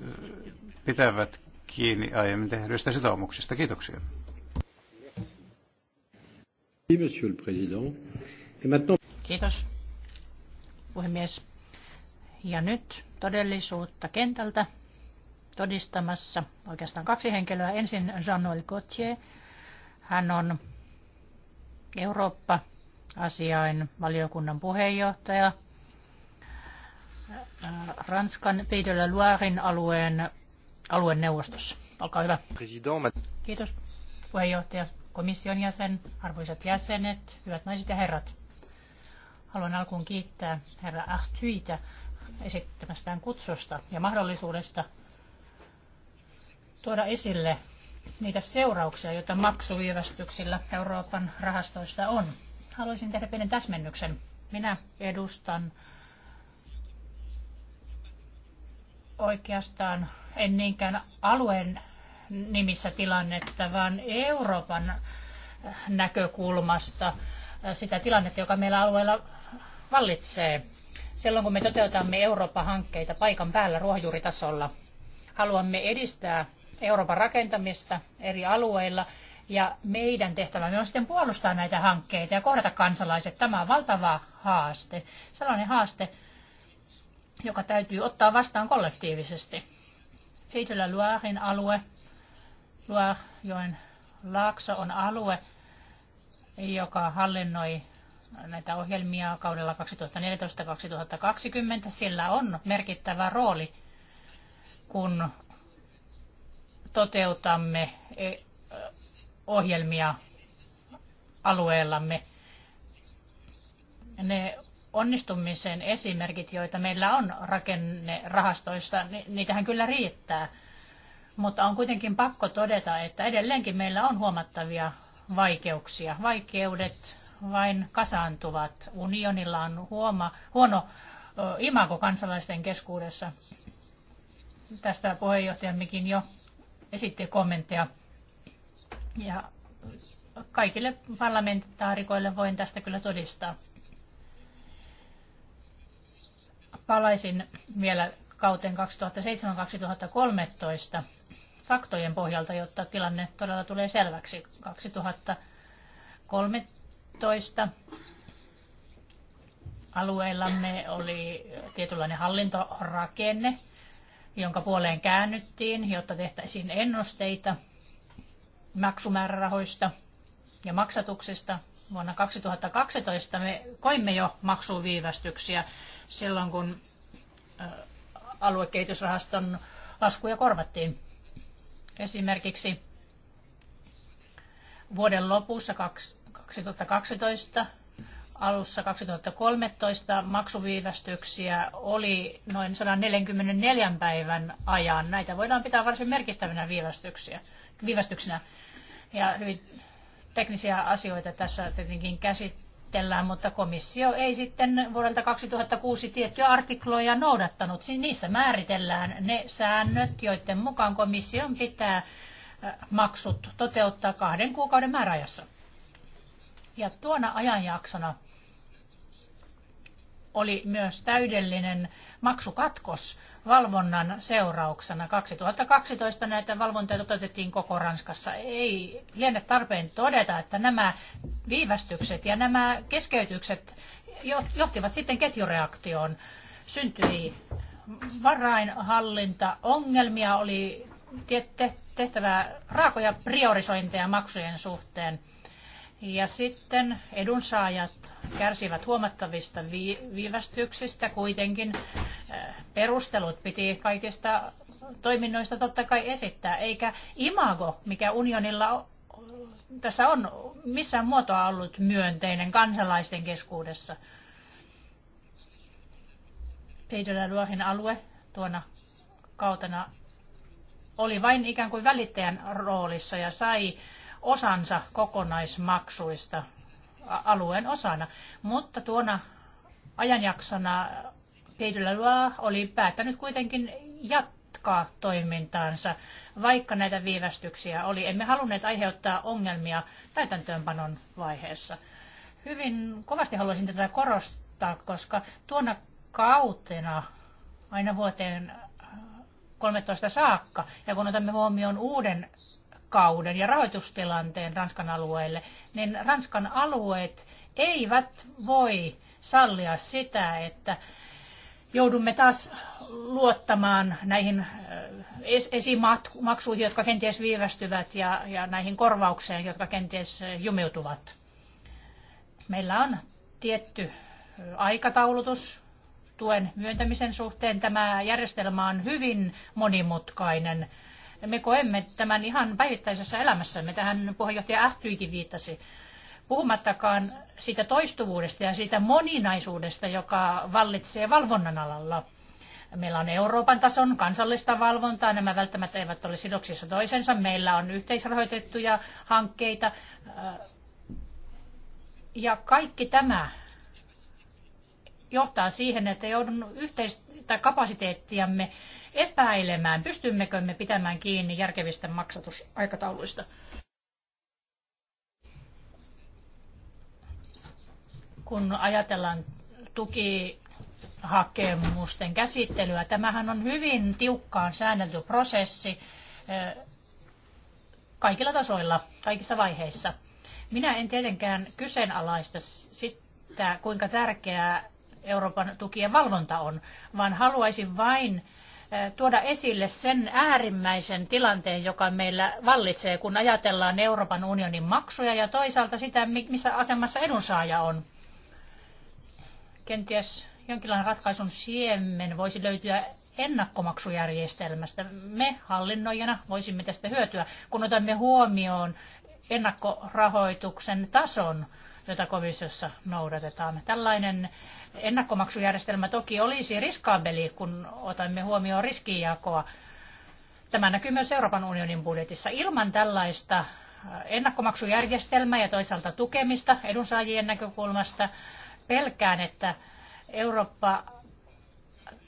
pitävät kiinni aiemmin tehdyistä sitoumuksista. Kiitoksia. Kiitos, puhemies ja nyt todellisuutta kentältä todistamassa oikeastaan kaksi henkilöä. Ensin Jean-Noël Gauthier. Hän on Eurooppa-asiain valiokunnan puheenjohtaja. Ranskan Pays de alueen, alueen neuvostossa. Olkaa hyvä. Kiitos puheenjohtaja, komission jäsen, arvoisat jäsenet, hyvät naiset ja herrat. Haluan alkuun kiittää herra Ahtyitä esittämästään kutsusta ja mahdollisuudesta tuoda esille niitä seurauksia, joita maksuviivästyksillä Euroopan rahastoista on. Haluaisin tehdä pienen täsmennyksen. Minä edustan oikeastaan en niinkään alueen nimissä tilannetta, vaan Euroopan näkökulmasta sitä tilannetta, joka meillä alueella vallitsee. Silloin kun me toteutamme Eurooppa-hankkeita paikan päällä ruohonjuuritasolla, haluamme edistää Euroopan rakentamista eri alueilla ja meidän tehtävämme on sitten puolustaa näitä hankkeita ja kohdata kansalaiset. Tämä on valtava haaste, sellainen haaste, joka täytyy ottaa vastaan kollektiivisesti. Feitellä Loirein alue, Loirejoen laakso on alue, joka hallinnoi näitä ohjelmia kaudella 2014-2020. Sillä on merkittävä rooli, kun toteutamme e, ohjelmia alueellamme. Ne onnistumisen esimerkit, joita meillä on rakennerahastoista, niitähän kyllä riittää. Mutta on kuitenkin pakko todeta, että edelleenkin meillä on huomattavia vaikeuksia. Vaikeudet vain kasaantuvat. Unionilla on huoma, huono imago kansalaisten keskuudessa. Tästä puheenjohtajammekin jo esitti kommentteja. Ja kaikille parlamentaarikoille voin tästä kyllä todistaa. Palaisin vielä kauteen 2007-2013 faktojen pohjalta, jotta tilanne todella tulee selväksi. 2013 2011 Alueellamme oli tietynlainen hallintorakenne, jonka puoleen käännyttiin, jotta tehtäisiin ennusteita maksumäärärahoista ja maksatuksesta. Vuonna 2012 me koimme jo maksuviivästyksiä silloin, kun aluekehitysrahaston laskuja korvattiin. Esimerkiksi vuoden lopussa 2012 alussa 2013 maksuviivästyksiä oli noin 144 päivän ajan. Näitä voidaan pitää varsin merkittävinä viivästyksiä, viivästyksinä. Ja hyvin teknisiä asioita tässä tietenkin käsitellään, mutta komissio ei sitten vuodelta 2006 tiettyjä artikloja noudattanut. Niissä määritellään ne säännöt, joiden mukaan komission pitää maksut toteuttaa kahden kuukauden määräajassa. Ja tuona ajanjaksona oli myös täydellinen maksukatkos valvonnan seurauksena. 2012 näitä valvontoja toteutettiin koko Ranskassa. Ei liene tarpeen todeta, että nämä viivästykset ja nämä keskeytykset johtivat sitten ketjureaktioon. Syntyi ongelmia oli tehtävää raakoja priorisointeja maksujen suhteen – ja sitten edunsaajat kärsivät huomattavista viivästyksistä kuitenkin. Äh, perustelut piti kaikista toiminnoista totta kai esittää, eikä imago, mikä unionilla tässä on missään muotoa ollut myönteinen kansalaisten keskuudessa. Peidola Luohin alue tuona kautena oli vain ikään kuin välittäjän roolissa ja sai osansa kokonaismaksuista alueen osana. Mutta tuona ajanjaksona Pays oli päättänyt kuitenkin jatkaa toimintaansa, vaikka näitä viivästyksiä oli. Emme halunneet aiheuttaa ongelmia täytäntöönpanon vaiheessa. Hyvin kovasti haluaisin tätä korostaa, koska tuona kautena aina vuoteen 13 saakka, ja kun otamme huomioon uuden kauden ja rahoitustilanteen Ranskan alueelle, niin Ranskan alueet eivät voi sallia sitä, että joudumme taas luottamaan näihin äh, esimaksuihin, jotka kenties viivästyvät, ja, ja näihin korvaukseen, jotka kenties äh, jumiutuvat. Meillä on tietty äh, aikataulutus tuen myöntämisen suhteen. Tämä järjestelmä on hyvin monimutkainen me koemme tämän ihan päivittäisessä elämässämme. Tähän puheenjohtaja Ähtyikin viittasi. Puhumattakaan siitä toistuvuudesta ja siitä moninaisuudesta, joka vallitsee valvonnan alalla. Meillä on Euroopan tason kansallista valvontaa, nämä välttämättä eivät ole sidoksissa toisensa. Meillä on yhteisrahoitettuja hankkeita. Ja kaikki tämä johtaa siihen, että joudun yhteistä kapasiteettiamme epäilemään, pystymmekö me pitämään kiinni järkevistä maksatusaikatauluista. Kun ajatellaan tukihakemusten käsittelyä, tämähän on hyvin tiukkaan säännelty prosessi eh, kaikilla tasoilla, kaikissa vaiheissa. Minä en tietenkään kyseenalaista sitä, kuinka tärkeää Euroopan tukien valvonta on, vaan haluaisin vain tuoda esille sen äärimmäisen tilanteen, joka meillä vallitsee, kun ajatellaan Euroopan unionin maksuja ja toisaalta sitä, missä asemassa edunsaaja on. Kenties jonkinlainen ratkaisun siemen voisi löytyä ennakkomaksujärjestelmästä. Me hallinnoijana voisimme tästä hyötyä, kun otamme huomioon ennakkorahoituksen tason jota komissiossa noudatetaan. Tällainen ennakkomaksujärjestelmä toki olisi riskaabeli, kun otamme huomioon riskijakoa. Tämä näkyy myös Euroopan unionin budjetissa. Ilman tällaista ennakkomaksujärjestelmää ja toisaalta tukemista edunsaajien näkökulmasta pelkään, että Eurooppa,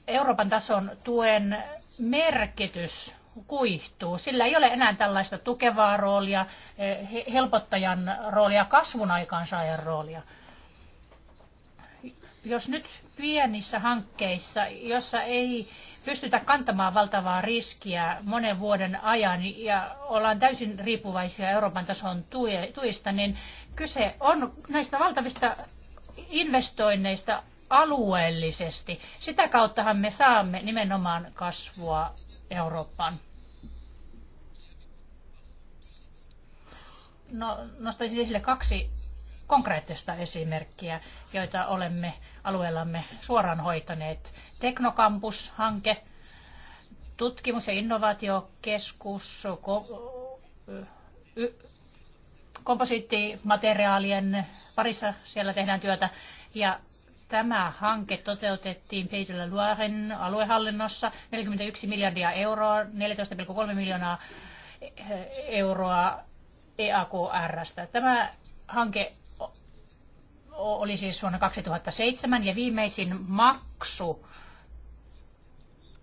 Euroopan tason tuen merkitys kuihtuu. Sillä ei ole enää tällaista tukevaa roolia, eh, helpottajan roolia, kasvun aikaansaajan roolia. Jos nyt pienissä hankkeissa, jossa ei pystytä kantamaan valtavaa riskiä monen vuoden ajan ja ollaan täysin riippuvaisia Euroopan tason tuista, niin kyse on näistä valtavista investoinneista alueellisesti. Sitä kauttahan me saamme nimenomaan kasvua Eurooppaan. No, nostaisin esille kaksi konkreettista esimerkkiä, joita olemme alueellamme suoraan hoitaneet. Teknokampus-hanke, tutkimus- ja innovaatiokeskus, komposiittimateriaalien parissa siellä tehdään työtä ja Tämä hanke toteutettiin Pays de Loiren aluehallinnossa 41 miljardia euroa, 14,3 miljoonaa eh, euroa EAKRstä. Tämä hanke oli siis vuonna 2007 ja viimeisin maksu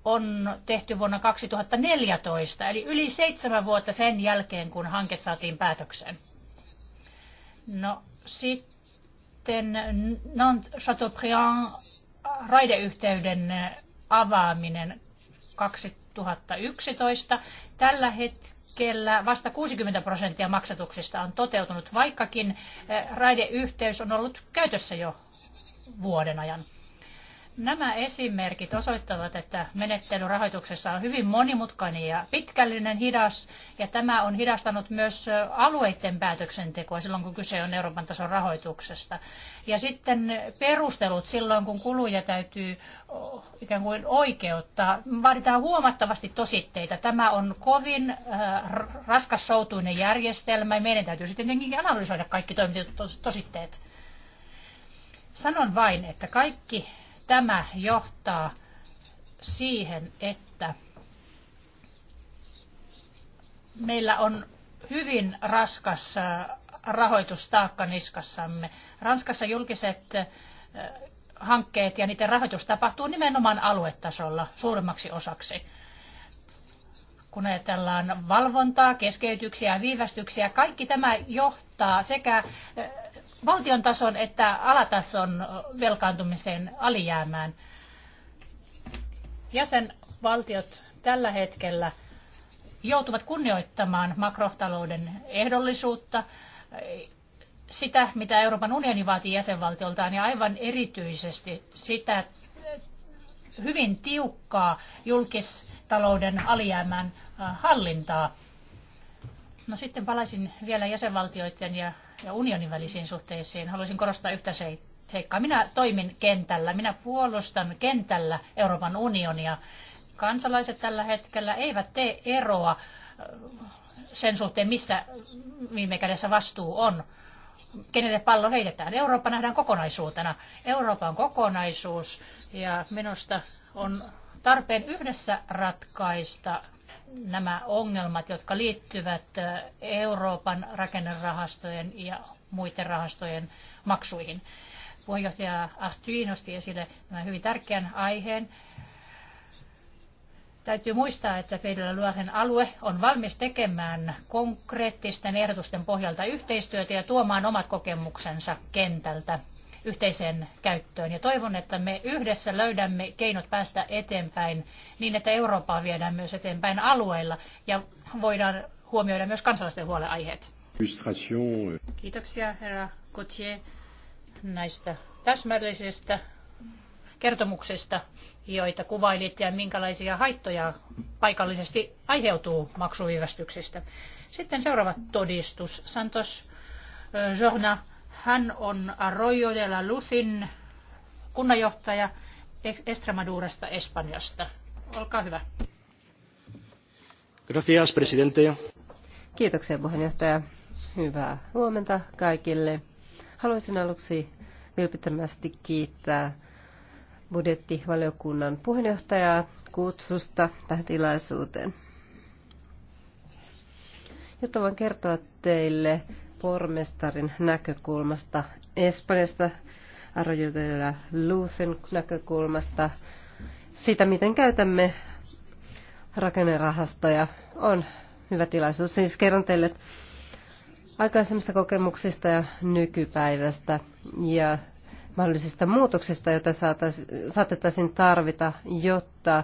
on tehty vuonna 2014, eli yli seitsemän vuotta sen jälkeen, kun hanke saatiin päätökseen. No sitten sitten Nantes-Chateaubriand raideyhteyden avaaminen 2011. Tällä hetkellä vasta 60 prosenttia maksatuksista on toteutunut, vaikkakin eh, raideyhteys on ollut käytössä jo vuoden ajan. Nämä esimerkit osoittavat, että menettely rahoituksessa on hyvin monimutkainen ja pitkällinen hidas, ja tämä on hidastanut myös alueiden päätöksentekoa silloin, kun kyse on Euroopan tason rahoituksesta. Ja sitten perustelut silloin, kun kuluja täytyy ikään kuin oikeuttaa, vaaditaan huomattavasti tositteita. Tämä on kovin äh, raskas soutuinen järjestelmä, ja meidän täytyy sitten tietenkin analysoida kaikki toimitetut tositteet. Sanon vain, että kaikki Tämä johtaa siihen, että meillä on hyvin raskas äh, rahoitustaakka niskassamme. Ranskassa julkiset äh, hankkeet ja niiden rahoitus tapahtuu nimenomaan aluetasolla suurimmaksi osaksi. Kun ajatellaan valvontaa, keskeytyksiä ja viivästyksiä, kaikki tämä johtaa sekä äh, valtion tason että alatason velkaantumiseen alijäämään. Jäsenvaltiot tällä hetkellä joutuvat kunnioittamaan makrotalouden ehdollisuutta, sitä, mitä Euroopan unioni vaatii jäsenvaltioltaan, ja aivan erityisesti sitä hyvin tiukkaa julkistalouden alijäämän hallintaa. No sitten palaisin vielä jäsenvaltioiden ja ja unionin välisiin suhteisiin, haluaisin korostaa yhtä seikkaa. Minä toimin kentällä, minä puolustan kentällä Euroopan unionia. Kansalaiset tällä hetkellä eivät tee eroa äh, sen suhteen, missä viime kädessä vastuu on kenelle pallo heitetään. Eurooppa nähdään kokonaisuutena. Eurooppa on kokonaisuus ja minusta on tarpeen yhdessä ratkaista nämä ongelmat, jotka liittyvät Euroopan rakennerahastojen ja muiden rahastojen maksuihin. Puheenjohtaja Ahtyi nosti esille tämän hyvin tärkeän aiheen. Täytyy muistaa, että Peidellä Luohen alue on valmis tekemään konkreettisten ehdotusten pohjalta yhteistyötä ja tuomaan omat kokemuksensa kentältä yhteiseen käyttöön. Ja toivon, että me yhdessä löydämme keinot päästä eteenpäin niin, että Eurooppaa viedään myös eteenpäin alueilla ja voidaan huomioida myös kansalaisten huolenaiheet. Kiitoksia herra Gauthier näistä täsmällisistä kertomuksista, joita kuvailit ja minkälaisia haittoja paikallisesti aiheutuu maksuviivästyksistä. Sitten seuraava todistus. Santos eh, Jorna hän on Arroyo de la Luzin kunnanjohtaja Estremadurasta Espanjasta. Olkaa hyvä. Gracias, presidente. Kiitoksia puheenjohtaja. Hyvää huomenta kaikille. Haluaisin aluksi vilpittömästi kiittää budjettivaliokunnan puheenjohtajaa kutsusta tähän tilaisuuteen. Jotta voin kertoa teille pormestarin näkökulmasta, Espanjasta Arroyo de la Luzin näkökulmasta, sitä miten käytämme rakennerahastoja. On hyvä tilaisuus. Siis kerron teille aikaisemmista kokemuksista ja nykypäivästä ja mahdollisista muutoksista, joita saatettaisiin tarvita, jotta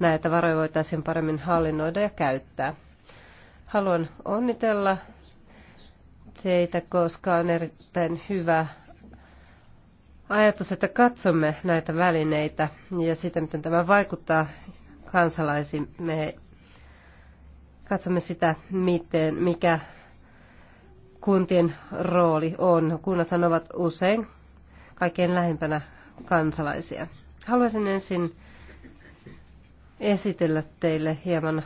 näitä varoja voitaisiin paremmin hallinnoida ja käyttää. Haluan onnitella teitä, koska on erittäin hyvä ajatus, että katsomme näitä välineitä ja sitä, miten tämä vaikuttaa kansalaisimme. Katsomme sitä, miten, mikä kuntien rooli on. Kunnathan ovat usein kaikkein lähimpänä kansalaisia. Haluaisin ensin esitellä teille hieman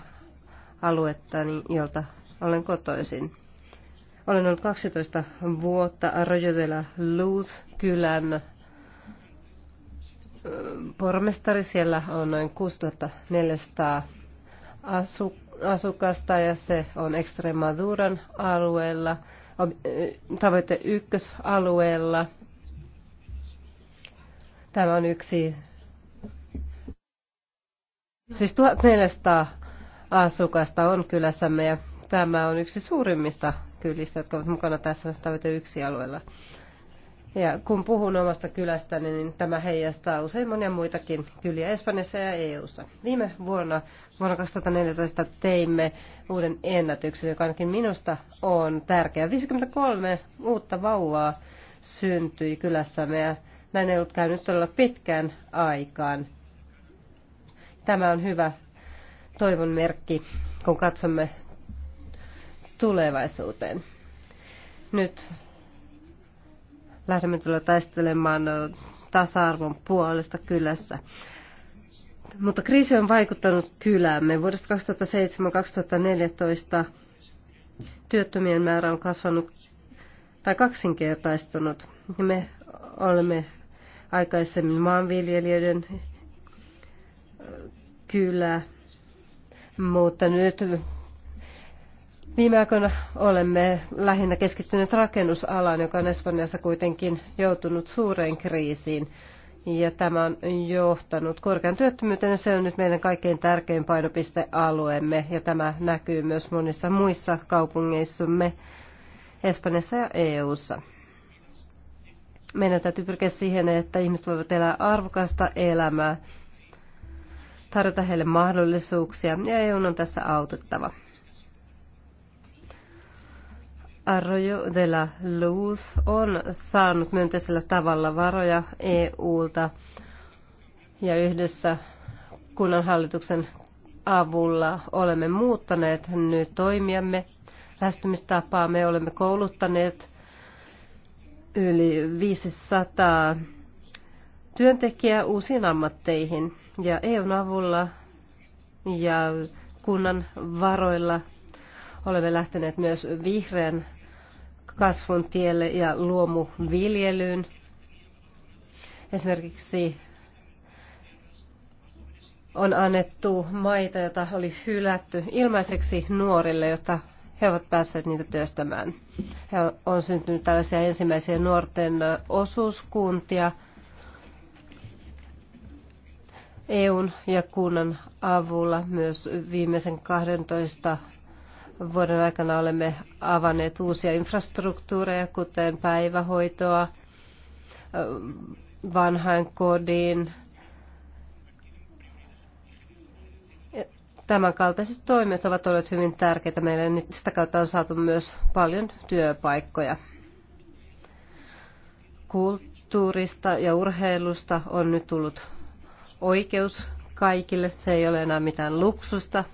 aluetta, jolta olen kotoisin. Olen ollut 12 vuotta Rojosella Luth kylän pormestari. Siellä on noin 6400 asukasta ja se on Extremaduran alueella, tavoite ykkösalueella. Tämä on yksi, siis 1400 asukasta on kylässämme ja tämä on yksi suurimmista kylistä, jotka ovat mukana tässä tavoite yksi alueella. Ja kun puhun omasta kylästäni, niin tämä heijastaa usein monia muitakin kyliä Espanjassa ja EU:ssa. Viime vuonna, vuonna 2014, teimme uuden ennätyksen, joka ainakin minusta on tärkeä. 53 uutta vauvaa syntyi kylässämme ja näin ei ollut käynyt todella pitkään aikaan. Tämä on hyvä toivon merkki, kun katsomme tulevaisuuteen. Nyt lähdemme tulla taistelemaan tasa-arvon puolesta kylässä. Mutta kriisi on vaikuttanut kylämme. Vuodesta 2007-2014 työttömien määrä on kasvanut tai kaksinkertaistunut. Ja me olemme aikaisemmin maanviljelijöiden kylä, mutta nyt Viime aikoina olemme lähinnä keskittyneet rakennusalaan, joka on Espanjassa kuitenkin joutunut suureen kriisiin. Ja tämä on johtanut korkean työttömyyteen ja se on nyt meidän kaikkein tärkein painopistealueemme ja tämä näkyy myös monissa muissa kaupungeissamme Espanjassa ja EU:ssa. Meidän täytyy pyrkiä siihen, että ihmiset voivat elää arvokasta elämää, tarjota heille mahdollisuuksia ja EU on tässä autettava. Arroyo de la Luz on saanut myönteisellä tavalla varoja EU-ta ja yhdessä kunnanhallituksen avulla olemme muuttaneet nyt toimiamme, lähestymistapaa. Me olemme kouluttaneet yli 500 työntekijää uusiin ammatteihin ja EUn avulla ja kunnan varoilla olemme lähteneet myös vihreän kasvun tielle ja luomuviljelyyn. Esimerkiksi on annettu maita, jota oli hylätty ilmaiseksi nuorille, jotta he ovat päässeet niitä työstämään. He on syntynyt tällaisia ensimmäisiä nuorten osuuskuntia EUn ja kunnan avulla myös viimeisen 12 Vuoden aikana olemme avanneet uusia infrastruktuureja, kuten päivähoitoa, vanhan tämän Tämänkaltaiset toimet ovat olleet hyvin tärkeitä meille, niin sitä kautta on saatu myös paljon työpaikkoja. Kulttuurista ja urheilusta on nyt tullut oikeus kaikille. Se ei ole enää mitään luksusta,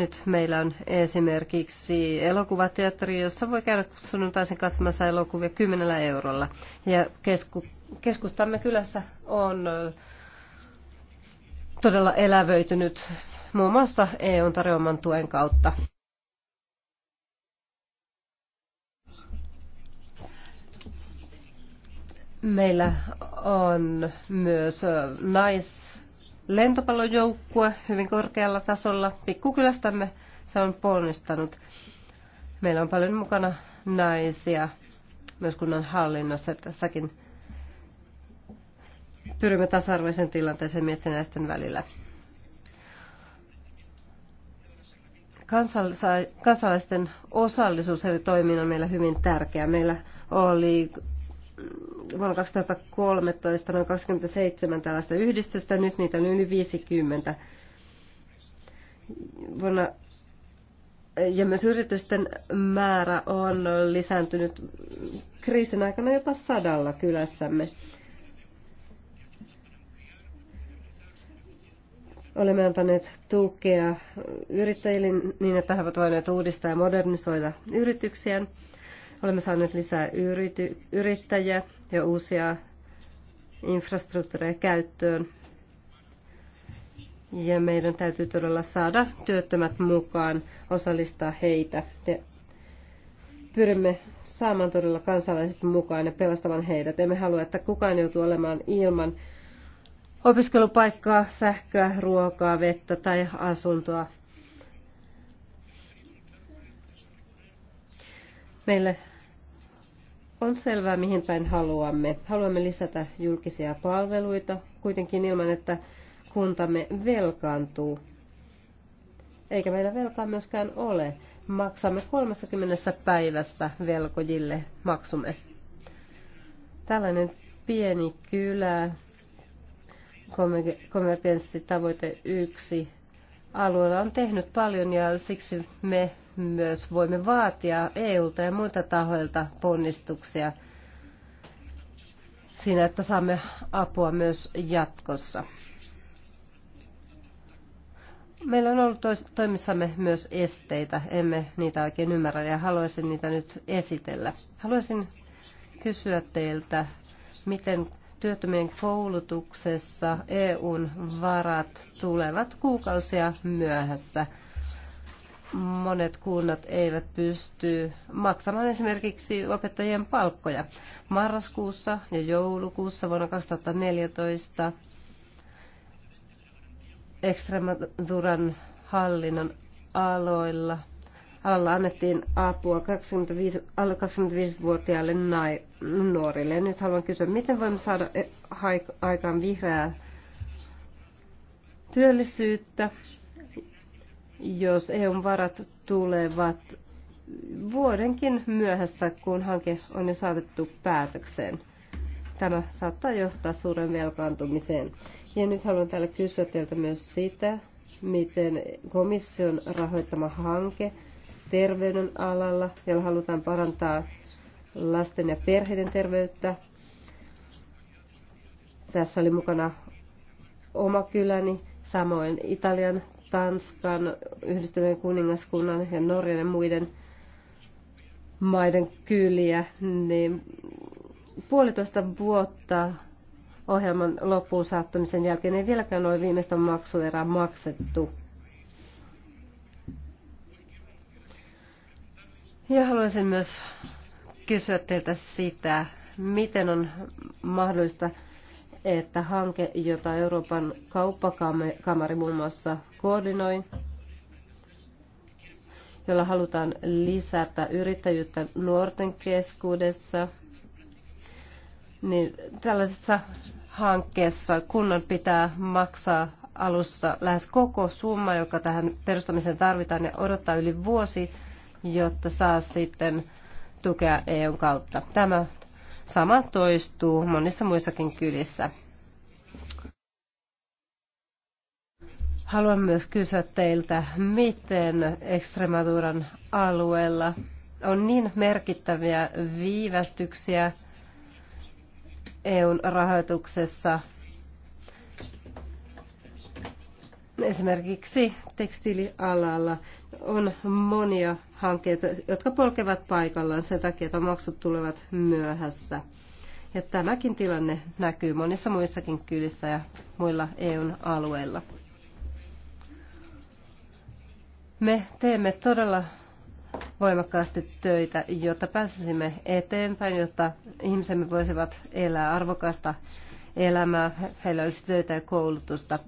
nyt meillä on esimerkiksi elokuvateatteri, jossa voi käydä sunnuntaisen katsomassa elokuvia 10 eurolla. Ja kesku, keskustamme kylässä on äh, todella elävöitynyt muun muassa EUn tarjoaman tuen kautta. Meillä on myös äh, nais lentopallojoukkue hyvin korkealla tasolla pikkukylästämme. Se on ponnistanut. Meillä on paljon mukana naisia myös kunnan hallinnossa. että Tässäkin pyrimme tasa arvoisen tilanteeseen miesten ja naisten välillä. kansalaisten osallisuus eri toimiin on meillä hyvin tärkeää. Meillä oli vuonna 2013 noin 27 tällaista yhdistystä, nyt niitä on yli 50. Vuonna, ja myös yritysten määrä on lisääntynyt kriisin aikana jopa sadalla kylässämme. Olemme antaneet tukea yrittäjille niin, että he ovat voineet uudistaa ja modernisoida yrityksiään. Olemme saaneet lisää yrity, yrittäjiä ja uusia infrastruktuureja käyttöön. Ja meidän täytyy todella saada työttömät mukaan, osallistaa heitä. Ja pyrimme saamaan todella kansalaiset mukaan ja pelastamaan heidät. Emme halua, että kukaan joutuu olemaan ilman opiskelupaikkaa, sähköä, ruokaa, vettä tai asuntoa. Meille on selvää, mihin päin haluamme. Haluamme lisätä julkisia palveluita, kuitenkin ilman, että kuntamme velkaantuu. Eikä meillä velkaa myöskään ole. Maksamme 30 päivässä velkojille maksumme. Tällainen pieni kylä, konvergenssitavoite 1 alueella on tehnyt paljon ja siksi me myös voimme vaatia EUlta ja muilta tahoilta ponnistuksia siinä, että saamme apua myös jatkossa. Meillä on ollut toimissamme myös esteitä, emme niitä oikein ymmärrä ja haluaisin niitä nyt esitellä. Haluaisin kysyä teiltä, miten työttömien koulutuksessa EUn varat tulevat kuukausia myöhässä. Monet kunnat eivät pysty maksamaan esimerkiksi opettajien palkkoja. Marraskuussa ja joulukuussa vuonna 2014 Extremaduran hallinnon aloilla – alalla annettiin apua 25, alle 25-vuotiaille nuorille. nyt haluan kysyä, miten voimme saada e, aikaan vihreää työllisyyttä, jos EUn varat tulevat vuodenkin myöhässä, kun hanke on jo saatettu päätökseen. Tämä saattaa johtaa suuren velkaantumiseen. Ja nyt haluan täällä kysyä teiltä myös sitä, miten komission rahoittama hanke – terveyden alalla, jolla halutaan parantaa lasten ja perheiden terveyttä. Tässä oli mukana oma kyläni, samoin Italian, Tanskan, Yhdistyneen kuningaskunnan ja Norjan ja muiden maiden kyliä, niin puolitoista vuotta ohjelman loppuun saattamisen jälkeen ei vieläkään ole viimeistä maksuerää maksettu. Ja haluaisin myös kysyä teiltä sitä, miten on mahdollista, että hanke, jota Euroopan kauppakamari muun muassa koordinoi, jolla halutaan lisätä yrittäjyyttä nuorten keskuudessa, niin tällaisessa hankkeessa kunnan pitää maksaa alussa lähes koko summa, joka tähän perustamiseen tarvitaan ja odottaa yli vuosi jotta saa sitten tukea EUn kautta. Tämä sama toistuu monissa muissakin kylissä. Haluan myös kysyä teiltä, miten Extremaduran alueella on niin merkittäviä viivästyksiä EUn rahoituksessa esimerkiksi tekstiilialalla on monia hankkeita, jotka polkevat paikallaan sen takia, että maksut tulevat myöhässä. Ja tämäkin tilanne näkyy monissa muissakin kylissä ja muilla EUn alueilla. Me teemme todella voimakkaasti töitä, jotta pääsisimme eteenpäin, jotta ihmisemme voisivat elää arvokasta elämää, heillä olisi töitä ja koulutusta.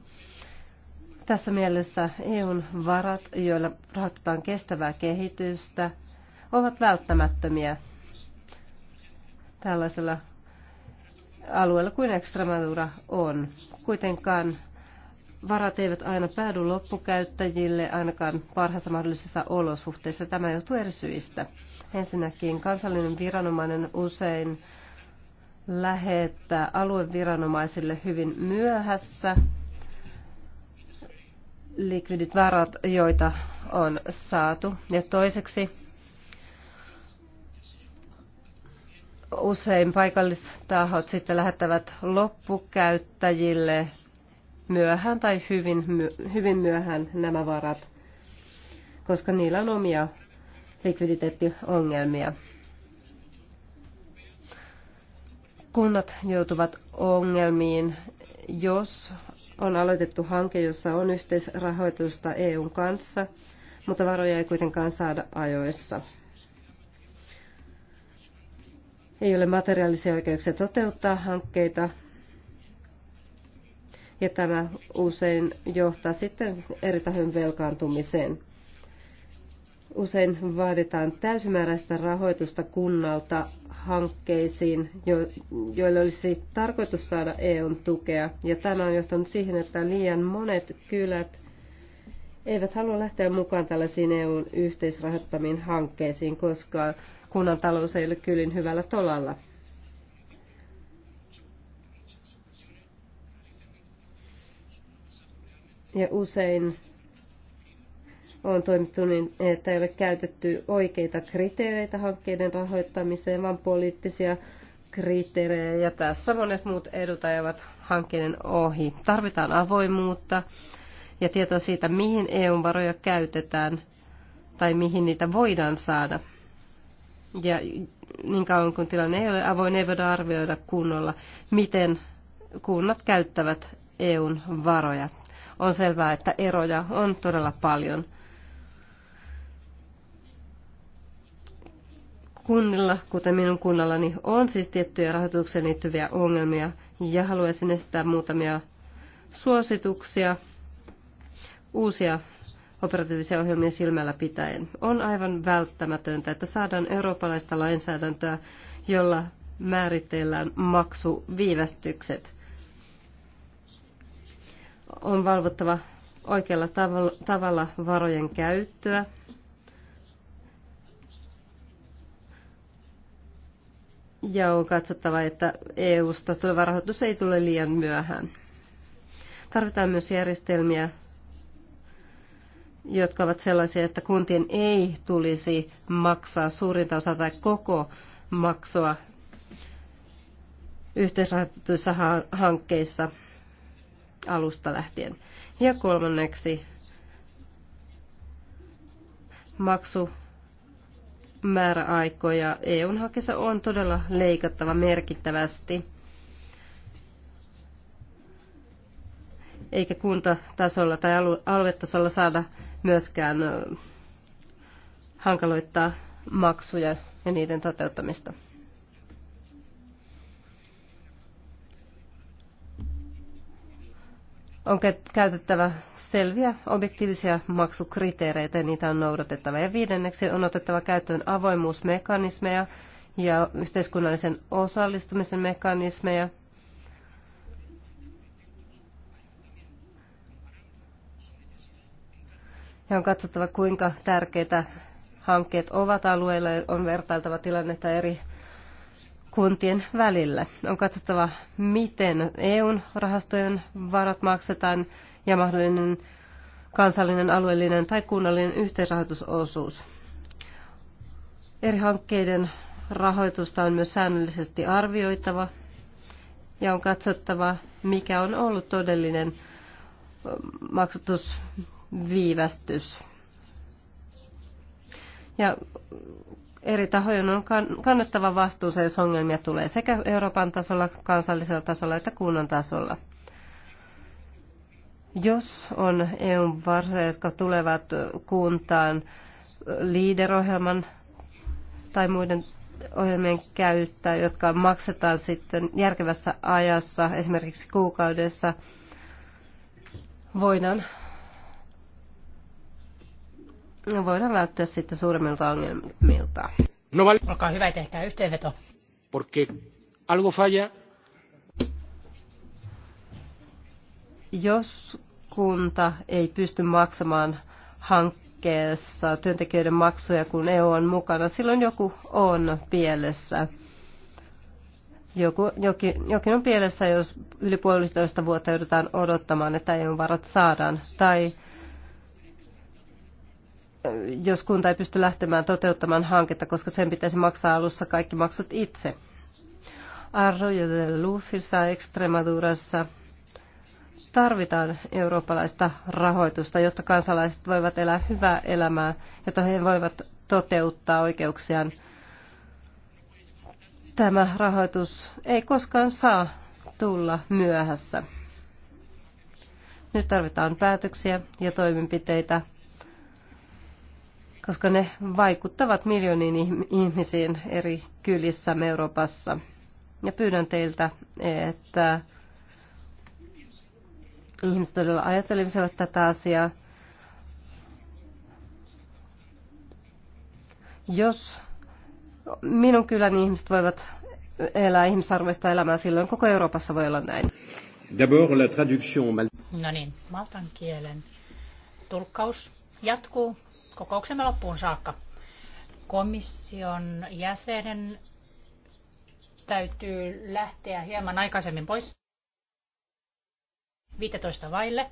Tässä mielessä EUn varat, joilla rahoitetaan kestävää kehitystä, ovat välttämättömiä tällaisella alueella kuin Extremadura on. Kuitenkaan varat eivät aina päädy loppukäyttäjille ainakaan parhaassa mahdollisessa olosuhteessa. Tämä johtuu eri syistä. Ensinnäkin kansallinen viranomainen usein lähettää alueviranomaisille hyvin myöhässä likvidit varat, joita on saatu. Ja toiseksi usein paikallistahot sitten lähettävät loppukäyttäjille myöhään tai hyvin, hyvin myöhään nämä varat, koska niillä on omia likviditeettiongelmia. Kunnat joutuvat ongelmiin jos on aloitettu hanke, jossa on yhteisrahoitusta EUn kanssa, mutta varoja ei kuitenkaan saada ajoissa. Ei ole materiaalisia oikeuksia toteuttaa hankkeita, ja tämä usein johtaa sitten eri tahojen velkaantumiseen. Usein vaaditaan täysimääräistä rahoitusta kunnalta hankkeisiin, joille olisi tarkoitus saada EUn tukea. Ja tämä on johtanut siihen, että liian monet kylät eivät halua lähteä mukaan tällaisiin EUn yhteisrahoittamiin hankkeisiin, koska kunnan talous ei ole kyllin hyvällä tolalla. Ja usein on toimittu niin, että ei ole käytetty oikeita kriteereitä hankkeiden rahoittamiseen, vaan poliittisia kriteerejä. Ja tässä monet muut edut ajavat hankkeiden ohi. Tarvitaan avoimuutta ja tietoa siitä, mihin EU-varoja käytetään tai mihin niitä voidaan saada. Ja niin kauan kuin tilanne ei ole avoin, ei voida arvioida kunnolla, miten kunnat käyttävät EUn varoja. On selvää, että eroja on todella paljon. Kunnilla, kuten minun kunnallani, on siis tiettyjä rahoitukseen liittyviä ongelmia ja haluaisin esittää muutamia suosituksia uusia operatiivisia ohjelmia silmällä pitäen. On aivan välttämätöntä, että saadaan eurooppalaista lainsäädäntöä, jolla määritellään maksuviivästykset. On valvottava oikealla tavalla varojen käyttöä ja on katsottava, että EU-sta tuleva rahoitus ei tule liian myöhään. Tarvitaan myös järjestelmiä, jotka ovat sellaisia, että kuntien ei tulisi maksaa suurinta osaa tai koko maksua yhteisrahoitetuissa hankkeissa alusta lähtien. Ja kolmanneksi maksu määräaikoja EUn hakessa on todella leikattava merkittävästi. Eikä kuntatasolla tai aluetasolla saada myöskään hankaloittaa maksuja ja niiden toteuttamista. on käytettävä selviä objektiivisia maksukriteereitä ja niitä on noudatettava. Ja viidenneksi on otettava käyttöön avoimuusmekanismeja ja yhteiskunnallisen osallistumisen mekanismeja. Ja on katsottava, kuinka tärkeitä hankkeet ovat alueilla ja on vertailtava tilannetta eri kuntien välillä. On katsottava, miten EUn rahastojen varat maksetaan ja mahdollinen kansallinen, alueellinen tai kunnallinen yhteisrahoitusosuus. Eri hankkeiden rahoitusta on myös säännöllisesti arvioitava ja on katsottava, mikä on ollut todellinen maksatusviivästys. Ja eri tahojen on kannettava vastuunsa, jos ongelmia tulee sekä Euroopan tasolla, kansallisella tasolla että kunnan tasolla. Jos on EUn varsoja, jotka tulevat kuntaan liiderohjelman tai muiden ohjelmien käyttää, jotka maksetaan sitten järkevässä ajassa, esimerkiksi kuukaudessa, voidaan voidaan välttyä sitten suuremmilta ongelmilta. No val- Olkaa hyvä, tehkää yhteenveto. Porque algo falla. Jos kunta ei pysty maksamaan hankkeessa työntekijöiden maksuja, kun EU on mukana, silloin joku on pielessä. Joku, jokin, jokin on pielessä, jos yli puolitoista vuotta joudutaan odottamaan, että eu varat saadaan. Tai jos kunta ei pysty lähtemään toteuttamaan hanketta, koska sen pitäisi maksaa alussa kaikki maksut itse. Arroyo de Luzissa Extremadurassa tarvitaan eurooppalaista rahoitusta, jotta kansalaiset voivat elää hyvää elämää, jotta he voivat toteuttaa oikeuksiaan. Tämä rahoitus ei koskaan saa tulla myöhässä. Nyt tarvitaan päätöksiä ja toimenpiteitä koska ne vaikuttavat miljooniin ihmisiin eri kylissä Euroopassa. Ja pyydän teiltä, että ihmiset todella ajattelisivat tätä asiaa. Jos minun kyläni ihmiset voivat elää ihmisarvoista elämää, silloin koko Euroopassa voi olla näin. No niin, maltan kielen tulkkaus jatkuu kokouksemme loppuun saakka. Komission jäsenen täytyy lähteä hieman aikaisemmin pois. 15 vaille.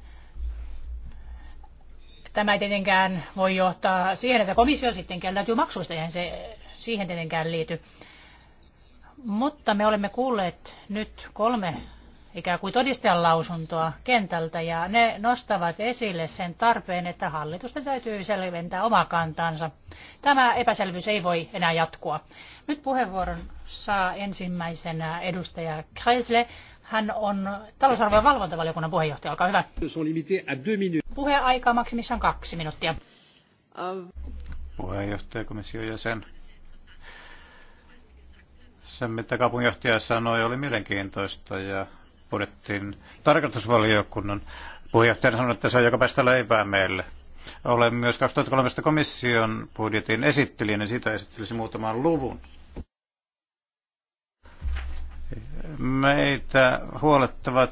Tämä ei tietenkään voi johtaa siihen, että komissio sitten kieltäytyy maksuista, eihän se siihen tietenkään liity. Mutta me olemme kuulleet nyt kolme ikään kuin todistajan lausuntoa kentältä ja ne nostavat esille sen tarpeen, että hallitusten täytyy selventää oma kantansa. Tämä epäselvyys ei voi enää jatkua. Nyt puheenvuoron saa ensimmäisenä edustaja Kreisle. Hän on talousarvojen valvontavaliokunnan puheenjohtaja. Olkaa hyvä. Puheaika maksimissaan kaksi minuuttia. Puheenjohtaja, komission jäsen. Se, mitä kaupunginjohtaja sanoi, oli mielenkiintoista ja budjettin tarkastusvaliokunnan puheenjohtajana sanonut, että se on joka päästä leipää meille. Olen myös 2013 komission budjetin esittelijänä, niin sitä esittelisin muutaman luvun. Meitä huolettavat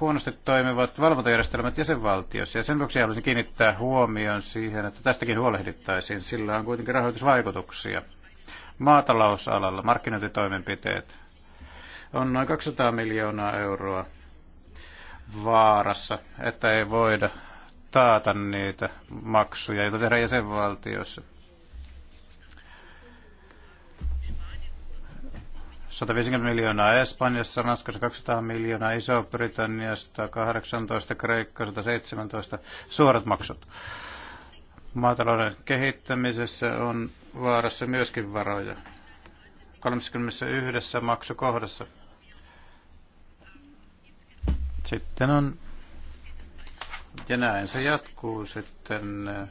huonosti toimivat valvontajärjestelmät jäsenvaltiossa, ja sen vuoksi haluaisin kiinnittää huomioon siihen, että tästäkin huolehdittaisiin. Sillä on kuitenkin rahoitusvaikutuksia. Maatalousalalla markkinointitoimenpiteet on noin 200 miljoonaa euroa vaarassa, että ei voida taata niitä maksuja, joita tehdään jäsenvaltioissa. 150 miljoonaa Espanjassa, Ranskassa 200 miljoonaa, Iso-Britanniasta 18, Kreikka 117, suorat maksut. Maatalouden kehittämisessä on vaarassa myöskin varoja. 31 maksukohdassa sitten on, ja näin se jatkuu sitten äh,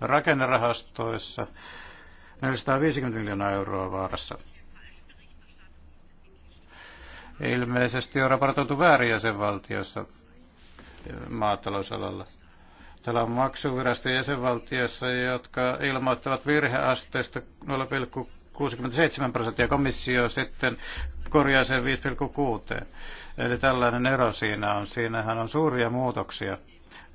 rakennerahastoissa 450 miljoonaa euroa vaarassa. Ilmeisesti on raportoitu väärin jäsenvaltiossa äh, maatalousalalla. Täällä on maksuvirasto jäsenvaltiossa, jotka ilmoittavat virheasteesta 0,67 prosenttia. Komissio sitten korjaa sen 5,6. Eli tällainen ero siinä on. Siinähän on suuria muutoksia,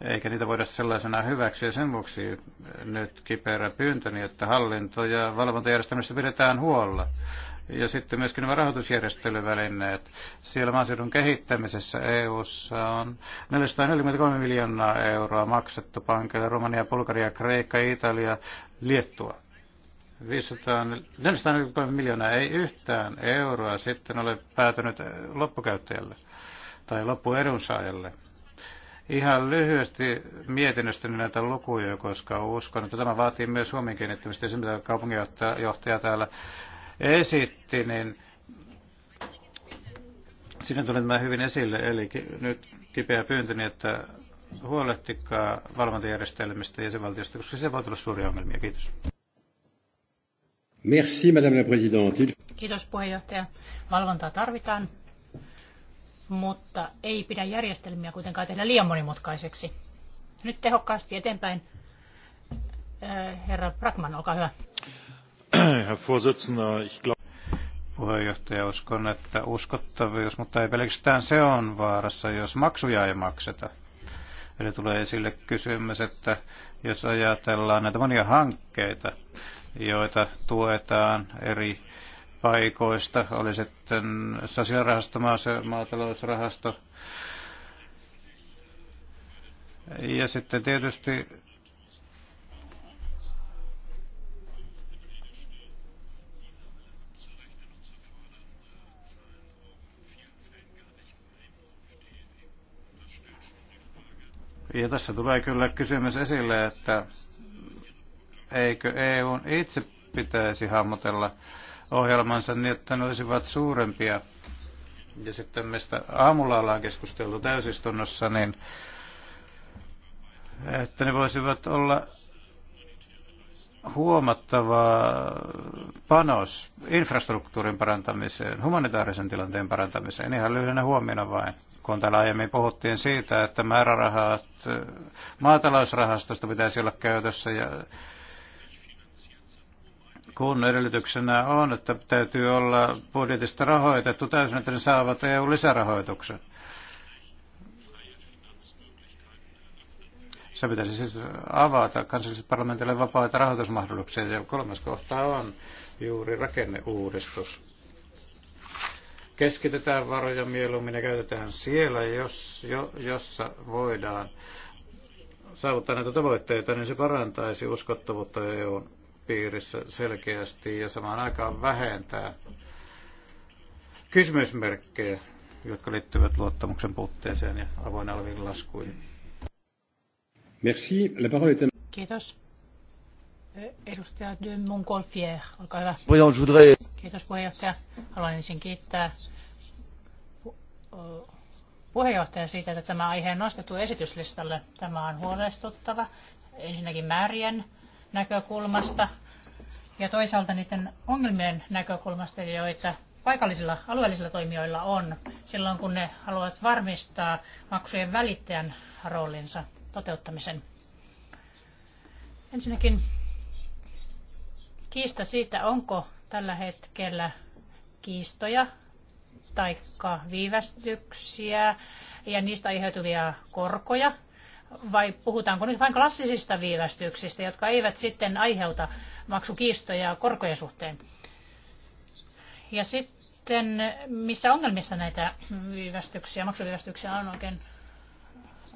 eikä niitä voida sellaisena hyväksyä. Sen vuoksi nyt kiperä pyyntöni, että hallinto- ja valvontajärjestelmästä pidetään huolla. Ja sitten myöskin nämä rahoitusjärjestelyvälineet. Siellä maaseudun kehittämisessä EU:ssa on 443 miljoonaa euroa maksettu pankille Romania, Bulgaria, Kreikka, Italia, Liettua 543 miljoonaa, ei yhtään euroa sitten ole päätynyt loppukäyttäjälle tai loppuedunsaajalle. Ihan lyhyesti mietinnöstä näitä lukuja, koska uskon, että tämä vaatii myös huomioon kiinnittämistä. Se, mitä kaupunginjohtaja täällä esitti, niin sinne tuli tämä hyvin esille. Eli nyt kipeä pyyntöni, että huolehtikaa valvontajärjestelmistä ja jäsenvaltiosta, koska se voi tulla suuria ongelmia. Kiitos. Merci, Madame la Présidente. Kiitos puheenjohtaja. Valvontaa tarvitaan, mutta ei pidä järjestelmiä kuitenkaan tehdä liian monimutkaiseksi. Nyt tehokkaasti eteenpäin. Äh, herra Brackman, olkaa hyvä. Äh, puheenjohtaja, uskon, että uskottavuus, mutta ei pelkästään se on vaarassa, jos maksuja ei makseta. Eli tulee esille kysymys, että jos ajatellaan näitä monia hankkeita, joita tuetaan eri paikoista, oli sitten sosiaalirahasto, maatalousrahasto. Ja sitten tietysti Ja tässä tulee kyllä kysymys esille, että Eikö EUn itse pitäisi hahmotella ohjelmansa niin, että ne olisivat suurempia? Ja sitten mistä aamulla ollaan keskusteltu täysistunnossa, niin että ne voisivat olla huomattava panos infrastruktuurin parantamiseen, humanitaarisen tilanteen parantamiseen. Ihan lyhyenä huomiona vain, kun täällä aiemmin puhuttiin siitä, että määrärahat maatalousrahastosta pitäisi olla käytössä ja kun edellytyksenä on, että täytyy olla budjetista rahoitettu täysin, että ne saavat EU-lisärahoituksen. Se pitäisi siis avata kansallisille parlamentille vapaita rahoitusmahdollisuuksia. Ja kolmas kohta on juuri rakenneuudistus. Keskitetään varoja mieluummin ja käytetään siellä, jos, jo, jossa voidaan saavuttaa näitä tavoitteita, niin se parantaisi uskottavuutta EUn piirissä selkeästi ja samaan aikaan vähentää kysymysmerkkejä, jotka liittyvät luottamuksen puutteeseen ja avoin alvin laskuihin. Merci. La parole est Kiitos. Edustaja de Montgolfier, olkaa hyvä. Voyons, je voudrais... Kiitos puheenjohtaja. Haluan ensin kiittää puheenjohtaja siitä, että tämä aihe on nostettu esityslistalle. Tämä on huolestuttava. Ensinnäkin määrien näkökulmasta ja toisaalta niiden ongelmien näkökulmasta, joita paikallisilla alueellisilla toimijoilla on silloin, kun ne haluavat varmistaa maksujen välittäjän roolinsa toteuttamisen. Ensinnäkin kiista siitä, onko tällä hetkellä kiistoja tai viivästyksiä ja niistä aiheutuvia korkoja vai puhutaanko nyt vain klassisista viivästyksistä, jotka eivät sitten aiheuta maksukiistoja korkojen suhteen? Ja sitten, missä ongelmissa näitä viivästyksiä, maksuviivästyksiä on oikein,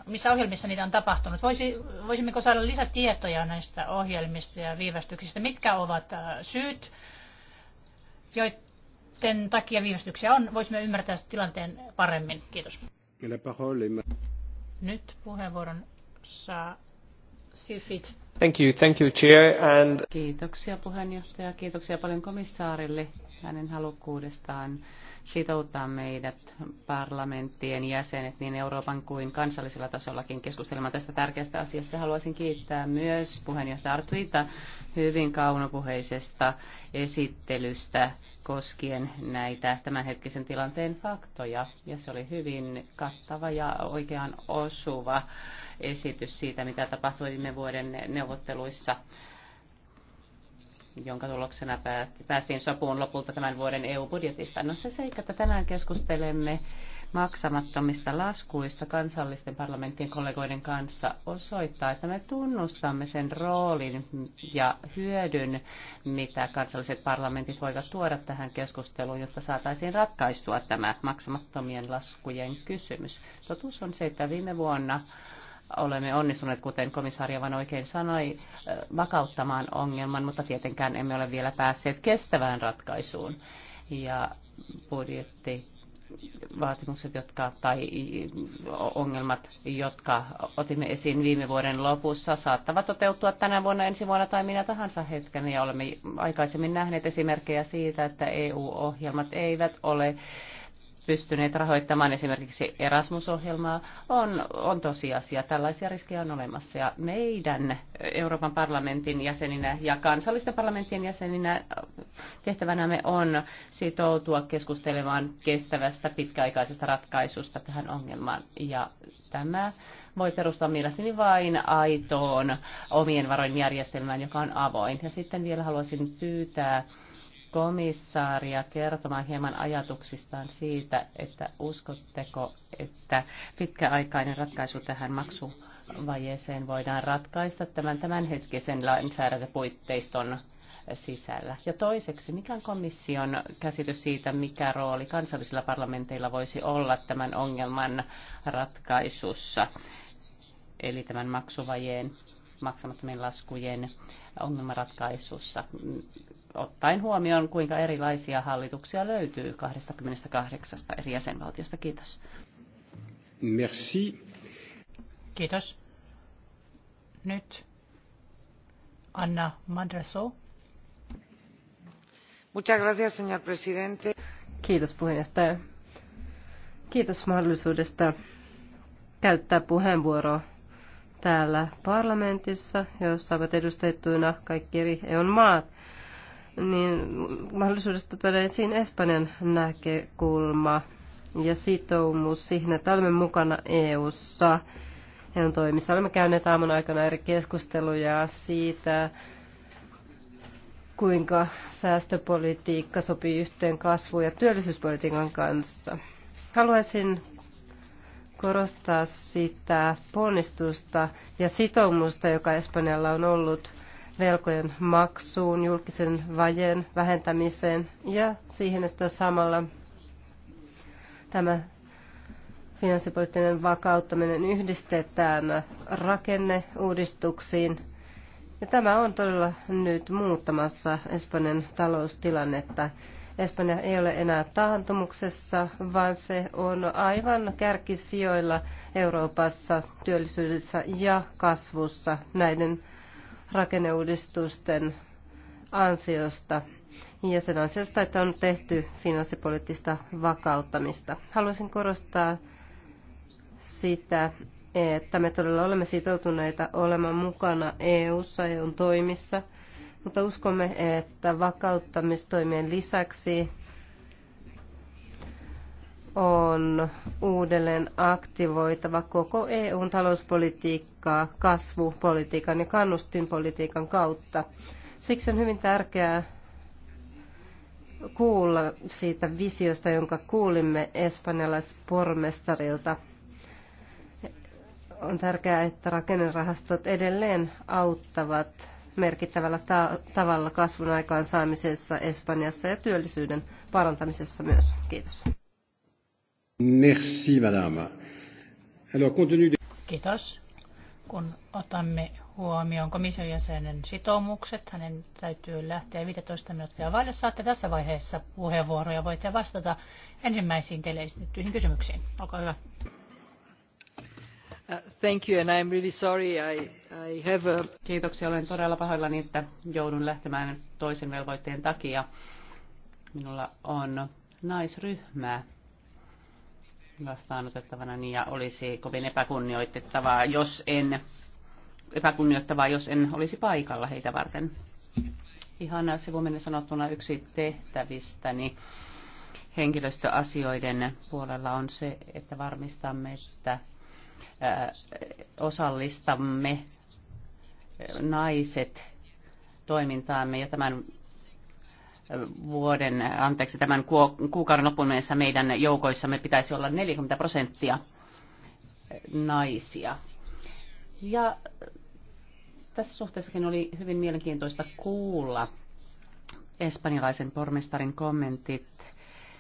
missä ohjelmissa niitä on tapahtunut? Voisi, voisimmeko saada lisätietoja näistä ohjelmista ja viivästyksistä? Mitkä ovat äh, syyt, joiden takia viivästyksiä on? Voisimme ymmärtää tilanteen paremmin. Kiitos. Nyt puheenvuoron saa Thank you, thank you, chair, and... Kiitoksia puheenjohtaja, kiitoksia paljon komissaarille hänen halukkuudestaan sitouttaa meidät parlamenttien jäsenet niin Euroopan kuin kansallisella tasollakin keskustelemaan tästä tärkeästä asiasta. Haluaisin kiittää myös puheenjohtaja Artuita hyvin kaunopuheisesta esittelystä koskien näitä tämänhetkisen tilanteen faktoja. Ja se oli hyvin kattava ja oikeaan osuva esitys siitä, mitä tapahtui viime vuoden neuvotteluissa jonka tuloksena päästiin sopuun lopulta tämän vuoden EU-budjetista. No se seikka, että tänään keskustelemme maksamattomista laskuista kansallisten parlamenttien kollegoiden kanssa osoittaa, että me tunnustamme sen roolin ja hyödyn, mitä kansalliset parlamentit voivat tuoda tähän keskusteluun, jotta saataisiin ratkaistua tämä maksamattomien laskujen kysymys. Totuus on se, että viime vuonna olemme onnistuneet, kuten komissaari Van oikein sanoi, vakauttamaan ongelman, mutta tietenkään emme ole vielä päässeet kestävään ratkaisuun. Ja budjetti vaatimukset jotka, tai ongelmat, jotka otimme esiin viime vuoden lopussa, saattavat toteutua tänä vuonna, ensi vuonna tai minä tahansa hetkenä. Ja olemme aikaisemmin nähneet esimerkkejä siitä, että EU-ohjelmat eivät ole pystyneet rahoittamaan esimerkiksi Erasmus-ohjelmaa, on, on tosiasia. Tällaisia riskejä on olemassa. Ja meidän Euroopan parlamentin jäseninä ja kansallisten parlamenttien jäseninä tehtävänämme on sitoutua keskustelemaan kestävästä pitkäaikaisesta ratkaisusta tähän ongelmaan. Ja tämä voi perustua mielestäni vain aitoon omien varojen järjestelmään, joka on avoin. Ja sitten vielä haluaisin pyytää komissaaria kertomaan hieman ajatuksistaan siitä, että uskotteko, että pitkäaikainen ratkaisu tähän maksuvajeeseen voidaan ratkaista tämän tämänhetkisen lainsäädäntöpuitteiston sisällä. Ja toiseksi, mikä on komission käsitys siitä, mikä rooli kansallisilla parlamenteilla voisi olla tämän ongelman ratkaisussa, eli tämän maksuvajeen maksamattomien laskujen ongelmanratkaisussa ottaen huomioon, kuinka erilaisia hallituksia löytyy 28 eri jäsenvaltiosta. Kiitos. Merci. Kiitos. Nyt Anna Madraso. Muchas gracias, señor presidente. Kiitos puheenjohtaja. Kiitos mahdollisuudesta käyttää puheenvuoroa täällä parlamentissa, jossa ovat edustettuina kaikki eri eu maat niin mahdollisuudesta tuoda esiin Espanjan näkökulma ja sitoumus siihen, että olemme mukana EU-ssa. EUn toimissa olemme käyneet aamun aikana eri keskusteluja siitä, kuinka säästöpolitiikka sopii yhteen kasvu- ja työllisyyspolitiikan kanssa. Haluaisin korostaa sitä ponnistusta ja sitoumusta, joka Espanjalla on ollut – velkojen maksuun, julkisen vajeen vähentämiseen ja siihen, että samalla tämä finanssipoliittinen vakauttaminen yhdistetään rakenneuudistuksiin. Ja tämä on todella nyt muuttamassa Espanjan taloustilannetta. Espanja ei ole enää taantumuksessa, vaan se on aivan kärkisijoilla Euroopassa, työllisyydessä ja kasvussa näiden rakenneuudistusten ansiosta ja sen ansiosta, että on tehty finanssipoliittista vakauttamista. Haluaisin korostaa sitä, että me todella olemme sitoutuneita olemaan mukana EU-ssa, on e toimissa, mutta uskomme, että vakauttamistoimien lisäksi on uudelleen aktivoitava koko EUn talouspolitiikkaa kasvupolitiikan ja kannustinpolitiikan kautta. Siksi on hyvin tärkeää kuulla siitä visiosta, jonka kuulimme espanjalaispormestarilta. On tärkeää, että rakennerahastot edelleen auttavat merkittävällä ta- tavalla kasvun aikaansaamisessa Espanjassa ja työllisyyden parantamisessa myös. Kiitos. Merci, madame. Alors, tenu de... Kiitos. Kun otamme huomioon komission jäsenen sitoumukset, hänen täytyy lähteä 15 minuuttia vaille. Saatte tässä vaiheessa puheenvuoroja. Voitte vastata ensimmäisiin teille esitettyihin kysymyksiin. Olkaa hyvä. Uh, thank you and I'm really sorry. I, I have a... Kiitoksia. Olen todella pahoillani, että joudun lähtemään toisen velvoitteen takia. Minulla on naisryhmää vastaanotettavana niin ja olisi kovin epäkunnioitettavaa, jos en, epäkunnioittavaa, jos en olisi paikalla heitä varten. Ihan sivuminen sanottuna yksi tehtävistäni henkilöstöasioiden puolella on se, että varmistamme, että osallistamme naiset toimintaamme ja tämän vuoden, anteeksi, tämän kuukauden loppuun mennessä meidän joukoissamme pitäisi olla 40 prosenttia naisia. Ja tässä suhteessakin oli hyvin mielenkiintoista kuulla espanjalaisen pormestarin kommentit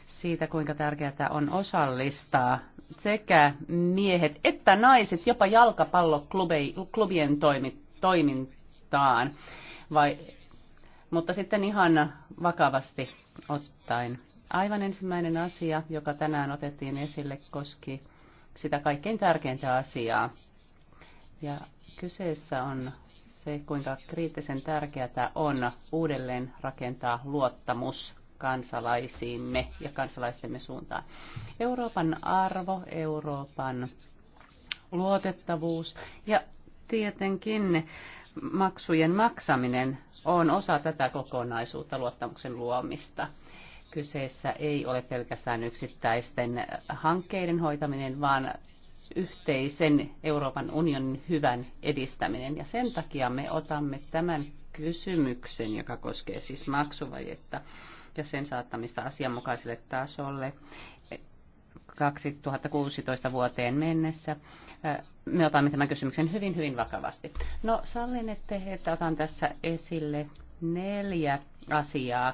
siitä, kuinka tärkeää on osallistaa sekä miehet että naiset jopa jalkapalloklubien toimintaan. Vai mutta sitten ihan vakavasti ottaen. Aivan ensimmäinen asia, joka tänään otettiin esille, koski sitä kaikkein tärkeintä asiaa. Ja kyseessä on se, kuinka kriittisen tärkeää on uudelleen rakentaa luottamus kansalaisiimme ja kansalaistemme suuntaan. Euroopan arvo, Euroopan luotettavuus ja tietenkin maksujen maksaminen on osa tätä kokonaisuutta luottamuksen luomista. Kyseessä ei ole pelkästään yksittäisten hankkeiden hoitaminen, vaan yhteisen Euroopan unionin hyvän edistäminen. Ja sen takia me otamme tämän kysymyksen, joka koskee siis maksuvajetta ja sen saattamista asianmukaiselle tasolle 2016 vuoteen mennessä. Me otamme tämän kysymyksen hyvin, hyvin vakavasti. No sallin, että, että otan tässä esille neljä asiaa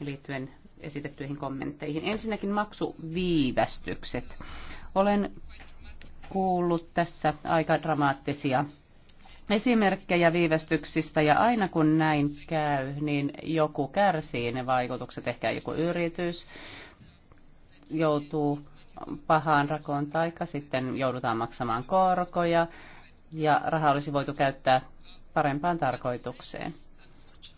liittyen esitettyihin kommentteihin. Ensinnäkin maksuviivästykset. Olen kuullut tässä aika dramaattisia esimerkkejä viivästyksistä ja aina kun näin käy, niin joku kärsii ne vaikutukset, ehkä joku yritys joutuu pahaan rakoon, taikka sitten joudutaan maksamaan korkoja ja raha olisi voitu käyttää parempaan tarkoitukseen.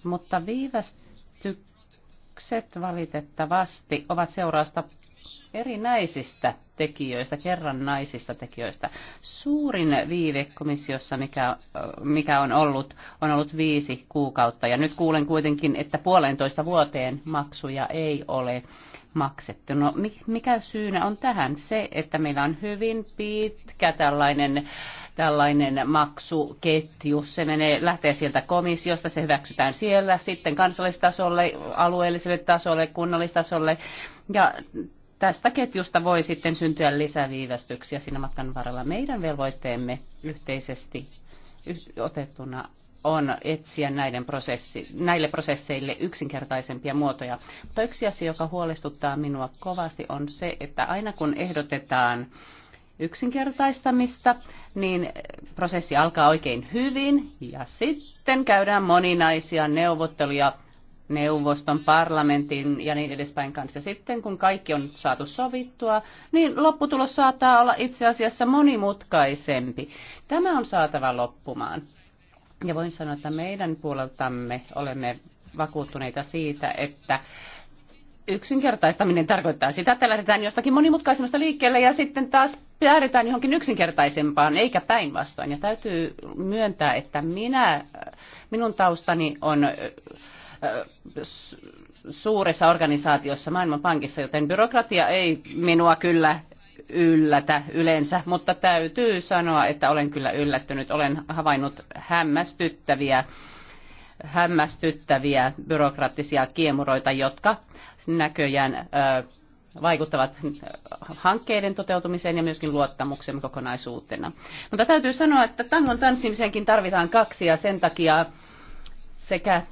Mutta viivästykset valitettavasti ovat seurausta erinäisistä tekijöistä, naisista tekijöistä. Suurin viive komissiossa, mikä, mikä on ollut, on ollut viisi kuukautta. Ja nyt kuulen kuitenkin, että puolentoista vuoteen maksuja ei ole maksettu. No mikä syynä on tähän? Se, että meillä on hyvin pitkä tällainen tällainen maksuketju. Se menee, lähtee sieltä komissiosta, se hyväksytään siellä, sitten kansallistasolle, alueelliselle tasolle, kunnallistasolle. Ja tästä ketjusta voi sitten syntyä lisäviivästyksiä siinä matkan varrella. Meidän velvoitteemme yhteisesti otettuna on etsiä näiden prosessi, näille prosesseille yksinkertaisempia muotoja. Mutta yksi asia, joka huolestuttaa minua kovasti, on se, että aina kun ehdotetaan yksinkertaistamista, niin prosessi alkaa oikein hyvin ja sitten käydään moninaisia neuvotteluja neuvoston, parlamentin ja niin edespäin kanssa. Sitten kun kaikki on saatu sovittua, niin lopputulos saattaa olla itse asiassa monimutkaisempi. Tämä on saatava loppumaan. Ja voin sanoa, että meidän puoleltamme olemme vakuuttuneita siitä, että yksinkertaistaminen tarkoittaa sitä, että lähdetään jostakin monimutkaisemmasta liikkeelle ja sitten taas päädytään johonkin yksinkertaisempaan, eikä päinvastoin. Ja täytyy myöntää, että minä, minun taustani on suuressa organisaatiossa Maailmanpankissa, joten byrokratia ei minua kyllä yllätä yleensä, mutta täytyy sanoa, että olen kyllä yllättynyt. Olen havainnut hämmästyttäviä, hämmästyttäviä byrokraattisia kiemuroita, jotka näköjään ö, vaikuttavat hankkeiden toteutumiseen ja myöskin luottamuksemme kokonaisuutena. Mutta täytyy sanoa, että tangon tanssimiseenkin tarvitaan kaksi ja sen takia sekä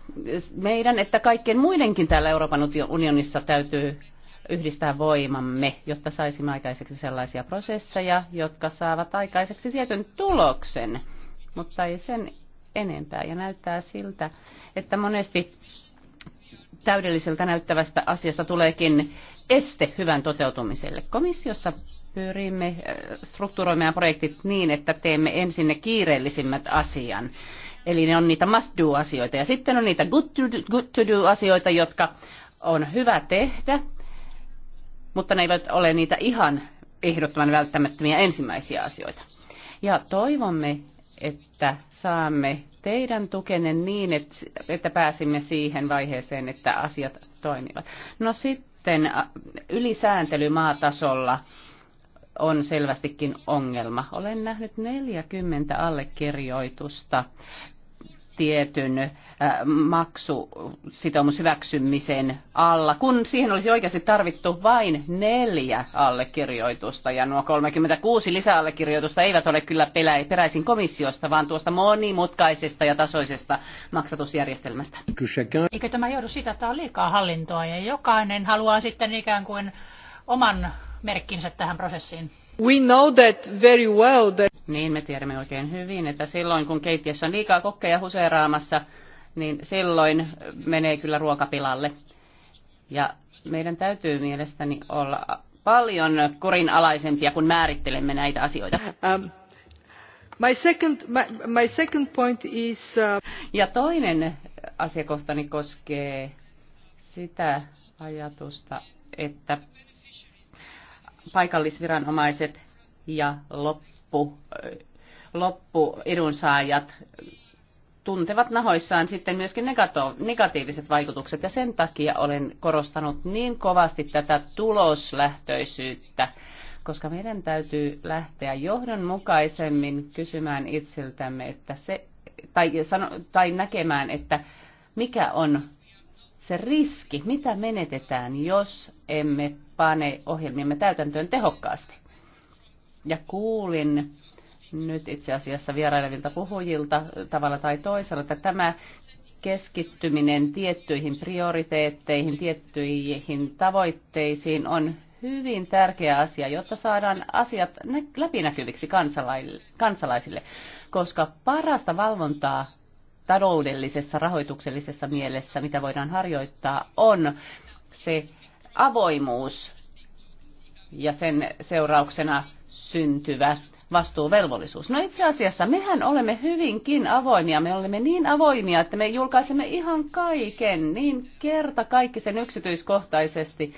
meidän että kaikkien muidenkin täällä Euroopan unionissa täytyy yhdistää voimamme, jotta saisimme aikaiseksi sellaisia prosesseja, jotka saavat aikaiseksi tietyn tuloksen, mutta ei sen enempää. Ja näyttää siltä, että monesti täydelliseltä näyttävästä asiasta tuleekin este hyvän toteutumiselle. Komissiossa pyrimme äh, strukturoimaan projektit niin, että teemme ensin ne kiireellisimmät asian Eli ne on niitä must do asioita. Ja sitten on niitä good to, do, good to do asioita, jotka on hyvä tehdä, mutta ne eivät ole niitä ihan ehdottoman välttämättömiä ensimmäisiä asioita. Ja toivomme, että saamme teidän tukenne niin, että, että pääsimme siihen vaiheeseen, että asiat toimivat. No sitten ylisääntely maatasolla on selvästikin ongelma. Olen nähnyt 40 allekirjoitusta tietyn äh, hyväksymisen alla, kun siihen olisi oikeasti tarvittu vain neljä allekirjoitusta. Ja nuo 36 lisäallekirjoitusta eivät ole kyllä peräisin komissiosta, vaan tuosta monimutkaisesta ja tasoisesta maksatusjärjestelmästä. Eikö tämä joudu sitä, että on liikaa hallintoa ja jokainen haluaa sitten ikään kuin oman merkkinsä tähän prosessiin? Niin, me tiedämme oikein hyvin, että silloin kun keittiössä on liikaa kokkeja huseeraamassa, niin silloin menee kyllä ruokapilalle. Ja meidän täytyy mielestäni olla paljon kurinalaisempia, kun määrittelemme näitä asioita. Um, my second, my, my second point is, uh... Ja toinen asiakohtani koskee sitä ajatusta, että paikallisviranomaiset ja loppu, edunsaajat tuntevat nahoissaan sitten myöskin negatiiviset vaikutukset ja sen takia olen korostanut niin kovasti tätä tuloslähtöisyyttä, koska meidän täytyy lähteä johdonmukaisemmin kysymään itseltämme, että se, tai, sano, tai näkemään, että mikä on se riski, mitä menetetään, jos emme panee ohjelmiemme täytäntöön tehokkaasti. Ja kuulin nyt itse asiassa vierailevilta puhujilta tavalla tai toisella, että tämä keskittyminen tiettyihin prioriteetteihin, tiettyihin tavoitteisiin on hyvin tärkeä asia, jotta saadaan asiat läpinäkyviksi kansalaisille, koska parasta valvontaa taloudellisessa, rahoituksellisessa mielessä, mitä voidaan harjoittaa, on se, avoimuus ja sen seurauksena syntyvä vastuuvelvollisuus. No itse asiassa mehän olemme hyvinkin avoimia. Me olemme niin avoimia, että me julkaisemme ihan kaiken niin kerta kaikki sen yksityiskohtaisesti,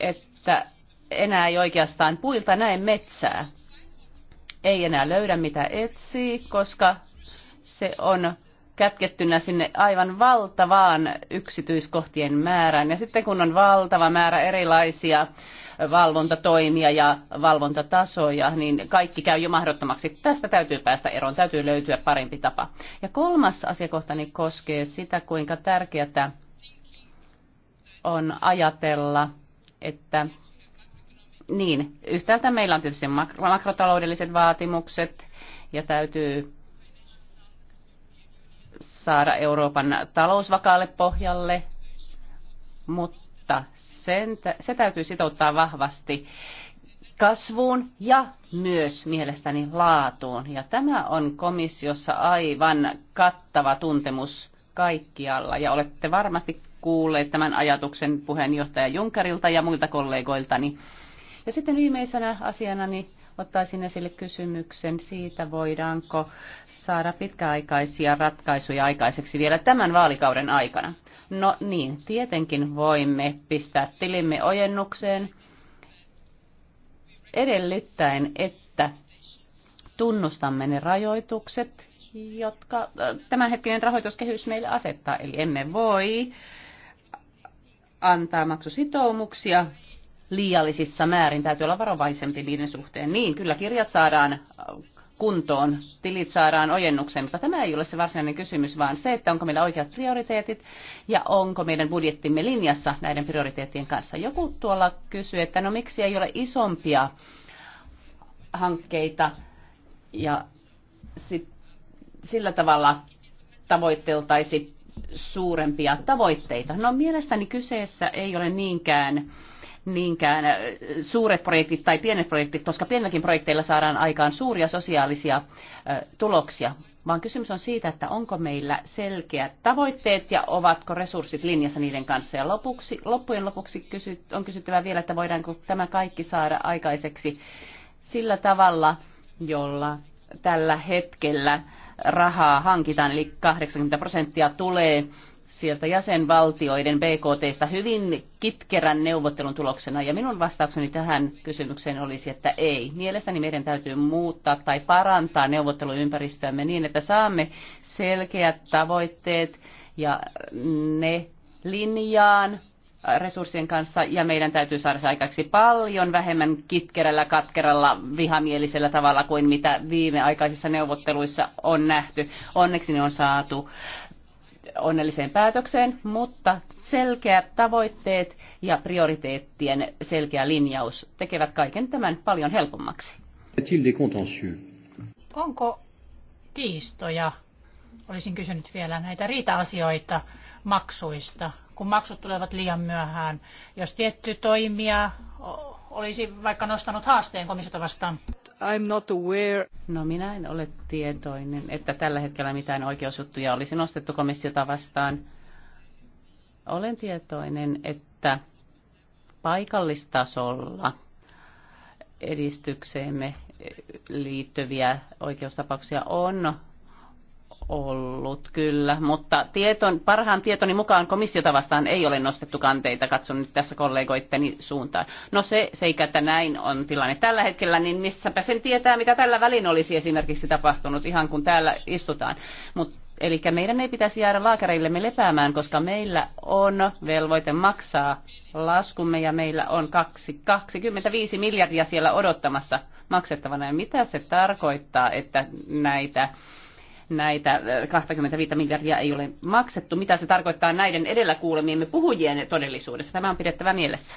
että enää ei oikeastaan puilta näe metsää. Ei enää löydä mitä etsii, koska se on kätkettynä sinne aivan valtavaan yksityiskohtien määrään. Ja sitten kun on valtava määrä erilaisia valvontatoimia ja valvontatasoja, niin kaikki käy jo mahdottomaksi. Tästä täytyy päästä eroon, täytyy löytyä parempi tapa. Ja kolmas asiakohtani niin koskee sitä, kuinka tärkeää on ajatella, että niin, yhtäältä meillä on tietysti makrotaloudelliset vaatimukset ja täytyy saada Euroopan talousvakaalle pohjalle, mutta sen, se täytyy sitouttaa vahvasti kasvuun ja myös mielestäni laatuun. Ja tämä on komissiossa aivan kattava tuntemus kaikkialla. Ja olette varmasti kuulleet tämän ajatuksen puheenjohtaja Junkarilta ja muilta kollegoiltani. Ja sitten viimeisenä niin ottaisin esille kysymyksen siitä, voidaanko saada pitkäaikaisia ratkaisuja aikaiseksi vielä tämän vaalikauden aikana. No niin, tietenkin voimme pistää tilimme ojennukseen edellyttäen, että tunnustamme ne rajoitukset, jotka äh, tämänhetkinen rahoituskehys meille asettaa. Eli emme voi antaa maksusitoumuksia liiallisissa määrin. Täytyy olla varovaisempi niiden suhteen. Niin, kyllä kirjat saadaan kuntoon, tilit saadaan ojennukseen, mutta tämä ei ole se varsinainen kysymys, vaan se, että onko meillä oikeat prioriteetit ja onko meidän budjettimme linjassa näiden prioriteettien kanssa. Joku tuolla kysyy, että no miksi ei ole isompia hankkeita ja sit, sillä tavalla tavoitteltaisi suurempia tavoitteita. No mielestäni kyseessä ei ole niinkään niinkään äh, suuret projektit tai pienet projektit, koska pienelläkin projekteilla saadaan aikaan suuria sosiaalisia äh, tuloksia, vaan kysymys on siitä, että onko meillä selkeät tavoitteet ja ovatko resurssit linjassa niiden kanssa. Ja lopuksi, loppujen lopuksi kysy, on kysyttävä vielä, että voidaanko tämä kaikki saada aikaiseksi sillä tavalla, jolla tällä hetkellä rahaa hankitaan, eli 80 prosenttia tulee sieltä jäsenvaltioiden BKTstä hyvin kitkerän neuvottelun tuloksena. Ja minun vastaukseni tähän kysymykseen olisi, että ei. Mielestäni meidän täytyy muuttaa tai parantaa neuvotteluympäristöämme niin, että saamme selkeät tavoitteet ja ne linjaan resurssien kanssa ja meidän täytyy saada se aikaksi paljon vähemmän kitkerällä, katkeralla, vihamielisellä tavalla kuin mitä viimeaikaisissa neuvotteluissa on nähty. Onneksi ne on saatu onnelliseen päätökseen, mutta selkeät tavoitteet ja prioriteettien selkeä linjaus tekevät kaiken tämän paljon helpommaksi. Onko kiistoja? Olisin kysynyt vielä näitä riita-asioita maksuista, kun maksut tulevat liian myöhään. Jos tietty toimija olisi vaikka nostanut haasteen komissiota vastaan. I'm not aware. No minä en ole tietoinen, että tällä hetkellä mitään oikeusjuttuja olisi nostettu komissiota vastaan. Olen tietoinen, että paikallistasolla edistykseemme liittyviä oikeustapauksia on ollut kyllä, mutta tieton, parhaan tietoni mukaan komissiota vastaan ei ole nostettu kanteita, katson nyt tässä kollegoitteni suuntaan. No se seikka, että näin on tilanne tällä hetkellä, niin missäpä sen tietää, mitä tällä välin olisi esimerkiksi tapahtunut, ihan kun täällä istutaan. Mut, eli meidän ei pitäisi jäädä laakereillemme lepäämään, koska meillä on velvoite maksaa laskumme ja meillä on 25 miljardia siellä odottamassa maksettavana. Ja mitä se tarkoittaa, että näitä näitä 25 miljardia ei ole maksettu. Mitä se tarkoittaa näiden edellä kuulemiemme puhujien todellisuudessa? Tämä on pidettävä mielessä.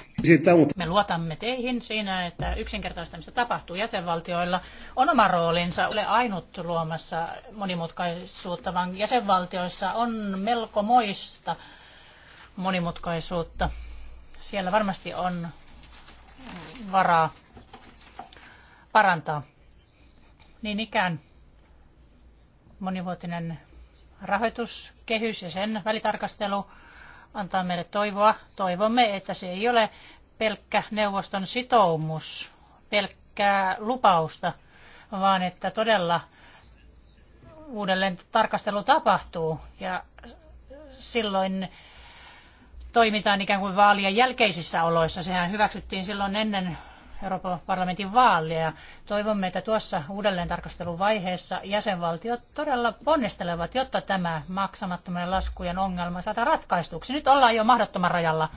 Me luotamme teihin siinä, että yksinkertaistamista tapahtuu jäsenvaltioilla. On oma roolinsa, ole ainut luomassa monimutkaisuutta, vaan jäsenvaltioissa on melko moista monimutkaisuutta. Siellä varmasti on varaa parantaa. Niin ikään monivuotinen rahoituskehys ja sen välitarkastelu antaa meille toivoa. Toivomme, että se ei ole pelkkä neuvoston sitoumus, pelkkää lupausta, vaan että todella uudelleen tarkastelu tapahtuu ja silloin toimitaan ikään kuin vaalien jälkeisissä oloissa. Sehän hyväksyttiin silloin ennen Euroopan parlamentin vaaleja. Toivomme, että tuossa uudelleentarkastelun vaiheessa jäsenvaltiot todella ponnistelevat, jotta tämä maksamattomien laskujen ongelma saadaan ratkaistuksi. Nyt ollaan jo mahdottoman rajalla.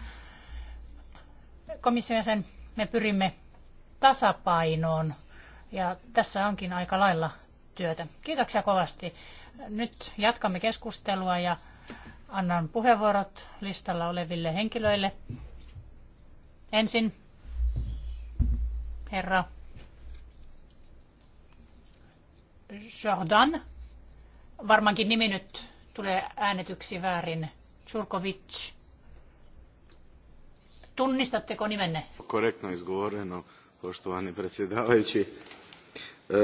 Komission sen me pyrimme tasapainoon ja tässä onkin aika lailla työtä. Kiitoksia kovasti. Nyt jatkamme keskustelua ja annan puheenvuorot listalla oleville henkilöille. Ensin herra Jordan. Varmaankin nimi nyt tulee äänetyksi väärin. Surkovic. Tunnistatteko nimenne? Korrektno izgovoreno, poštovani predsjedavajući. E,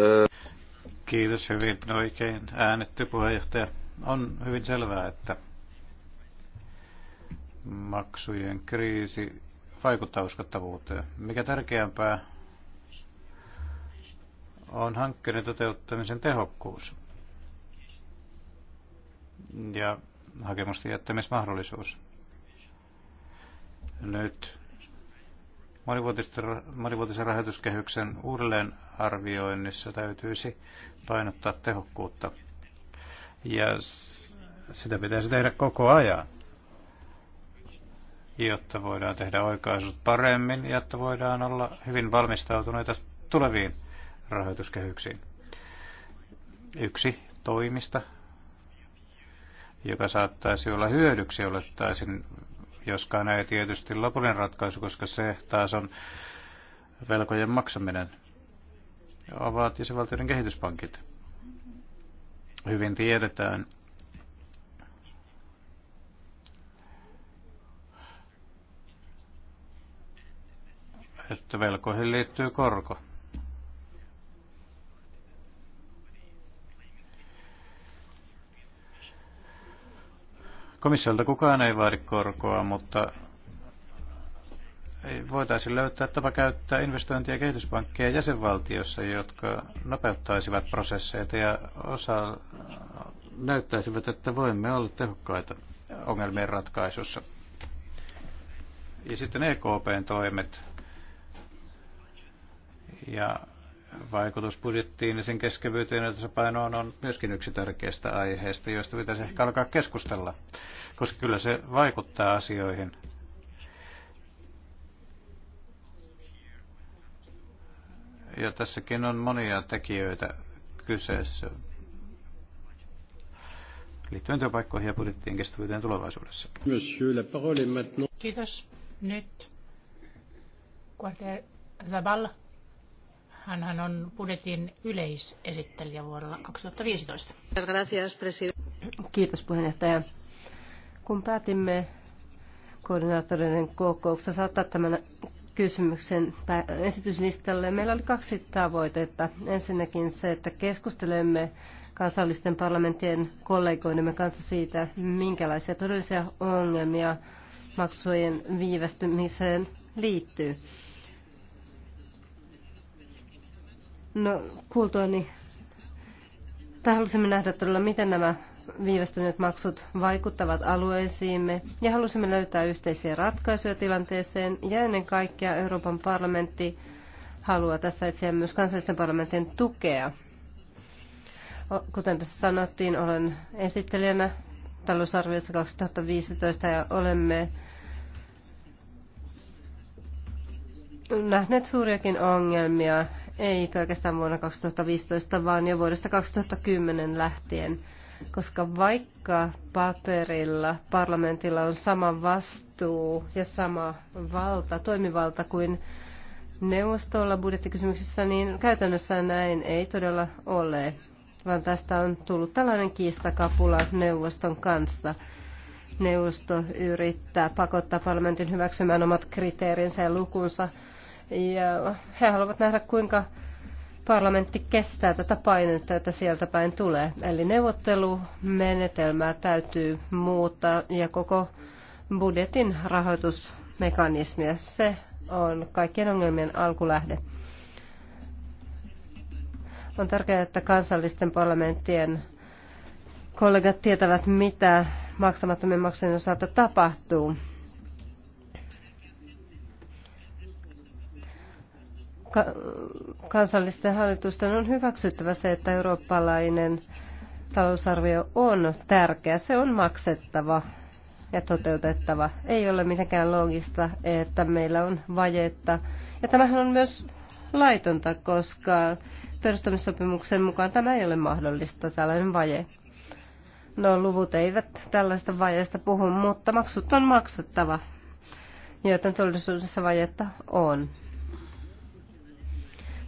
Kiitos hyvin oikein äänetty puheenjohtaja. On hyvin selvää, että maksujen kriisi vaikuttaa uskottavuuteen. Mikä tärkeämpää, on hankkeiden toteuttamisen tehokkuus ja hakemusten jättämismahdollisuus. Nyt monivuotisen rahoituskehyksen uudelleenarvioinnissa täytyisi painottaa tehokkuutta. Ja sitä pitäisi tehdä koko ajan, jotta voidaan tehdä oikaisut paremmin, jotta voidaan olla hyvin valmistautuneita tuleviin rahoituskehyksiin. Yksi toimista, joka saattaisi olla hyödyksi, olettaisin, joskaan ei tietysti lopullinen ratkaisu, koska se taas on velkojen maksaminen, ovat jäsenvaltioiden kehityspankit. Hyvin tiedetään, että velkoihin liittyy korko. Komissiolta kukaan ei vaadi korkoa, mutta voitaisiin löytää tapa käyttää investointi- ja kehityspankkeja jäsenvaltiossa, jotka nopeuttaisivat prosesseita ja osa näyttäisivät, että voimme olla tehokkaita ongelmien ratkaisussa. Ja sitten EKPn toimet ja vaikutus budjettiin ja sen keskevyyteen ja tasapainoon on myöskin yksi tärkeistä aiheista, joista pitäisi ehkä alkaa keskustella, koska kyllä se vaikuttaa asioihin. Ja tässäkin on monia tekijöitä kyseessä liittyen työpaikkoihin ja budjettien kestävyyteen tulevaisuudessa. Kiitos. Nyt Guardia Zaballa. Hänhän on budjetin yleisesittelijä vuodella 2015. Kiitos puheenjohtaja. Kun päätimme koordinaattoreiden kokouksessa saattaa tämän kysymyksen esityslistalle. Meillä oli kaksi tavoitetta. Ensinnäkin se, että keskustelemme kansallisten parlamenttien kollegoidemme kanssa siitä, minkälaisia todellisia ongelmia maksujen viivästymiseen liittyy. No, kuultuani tai halusimme nähdä todella, miten nämä viivästyneet maksut vaikuttavat alueisiimme ja halusimme löytää yhteisiä ratkaisuja tilanteeseen ja ennen kaikkea Euroopan parlamentti haluaa tässä etsiä myös kansallisten parlamentin tukea. Kuten tässä sanottiin, olen esittelijänä talousarviossa 2015 ja olemme nähneet suuriakin ongelmia ei pelkästään vuonna 2015, vaan jo vuodesta 2010 lähtien. Koska vaikka paperilla parlamentilla on sama vastuu ja sama valta, toimivalta kuin neuvostolla budjettikysymyksissä, niin käytännössä näin ei todella ole, vaan tästä on tullut tällainen kiistakapula neuvoston kanssa. Neuvosto yrittää pakottaa parlamentin hyväksymään omat kriteerinsä ja lukunsa, ja he haluavat nähdä, kuinka parlamentti kestää tätä painetta, että sieltä päin tulee. Eli neuvottelumenetelmää täytyy muuttaa ja koko budjetin rahoitusmekanismia. Se on kaikkien ongelmien alkulähde. On tärkeää, että kansallisten parlamenttien kollegat tietävät, mitä maksamattomien maksujen osalta tapahtuu. kansallisten hallitusten on hyväksyttävä se, että eurooppalainen talousarvio on tärkeä. Se on maksettava ja toteutettava. Ei ole mitenkään loogista, että meillä on vajetta. Ja tämähän on myös laitonta, koska perustamissopimuksen mukaan tämä ei ole mahdollista, tällainen vaje. No, luvut eivät tällaista vajeesta puhu, mutta maksut on maksettava, joten todellisuudessa vajetta on.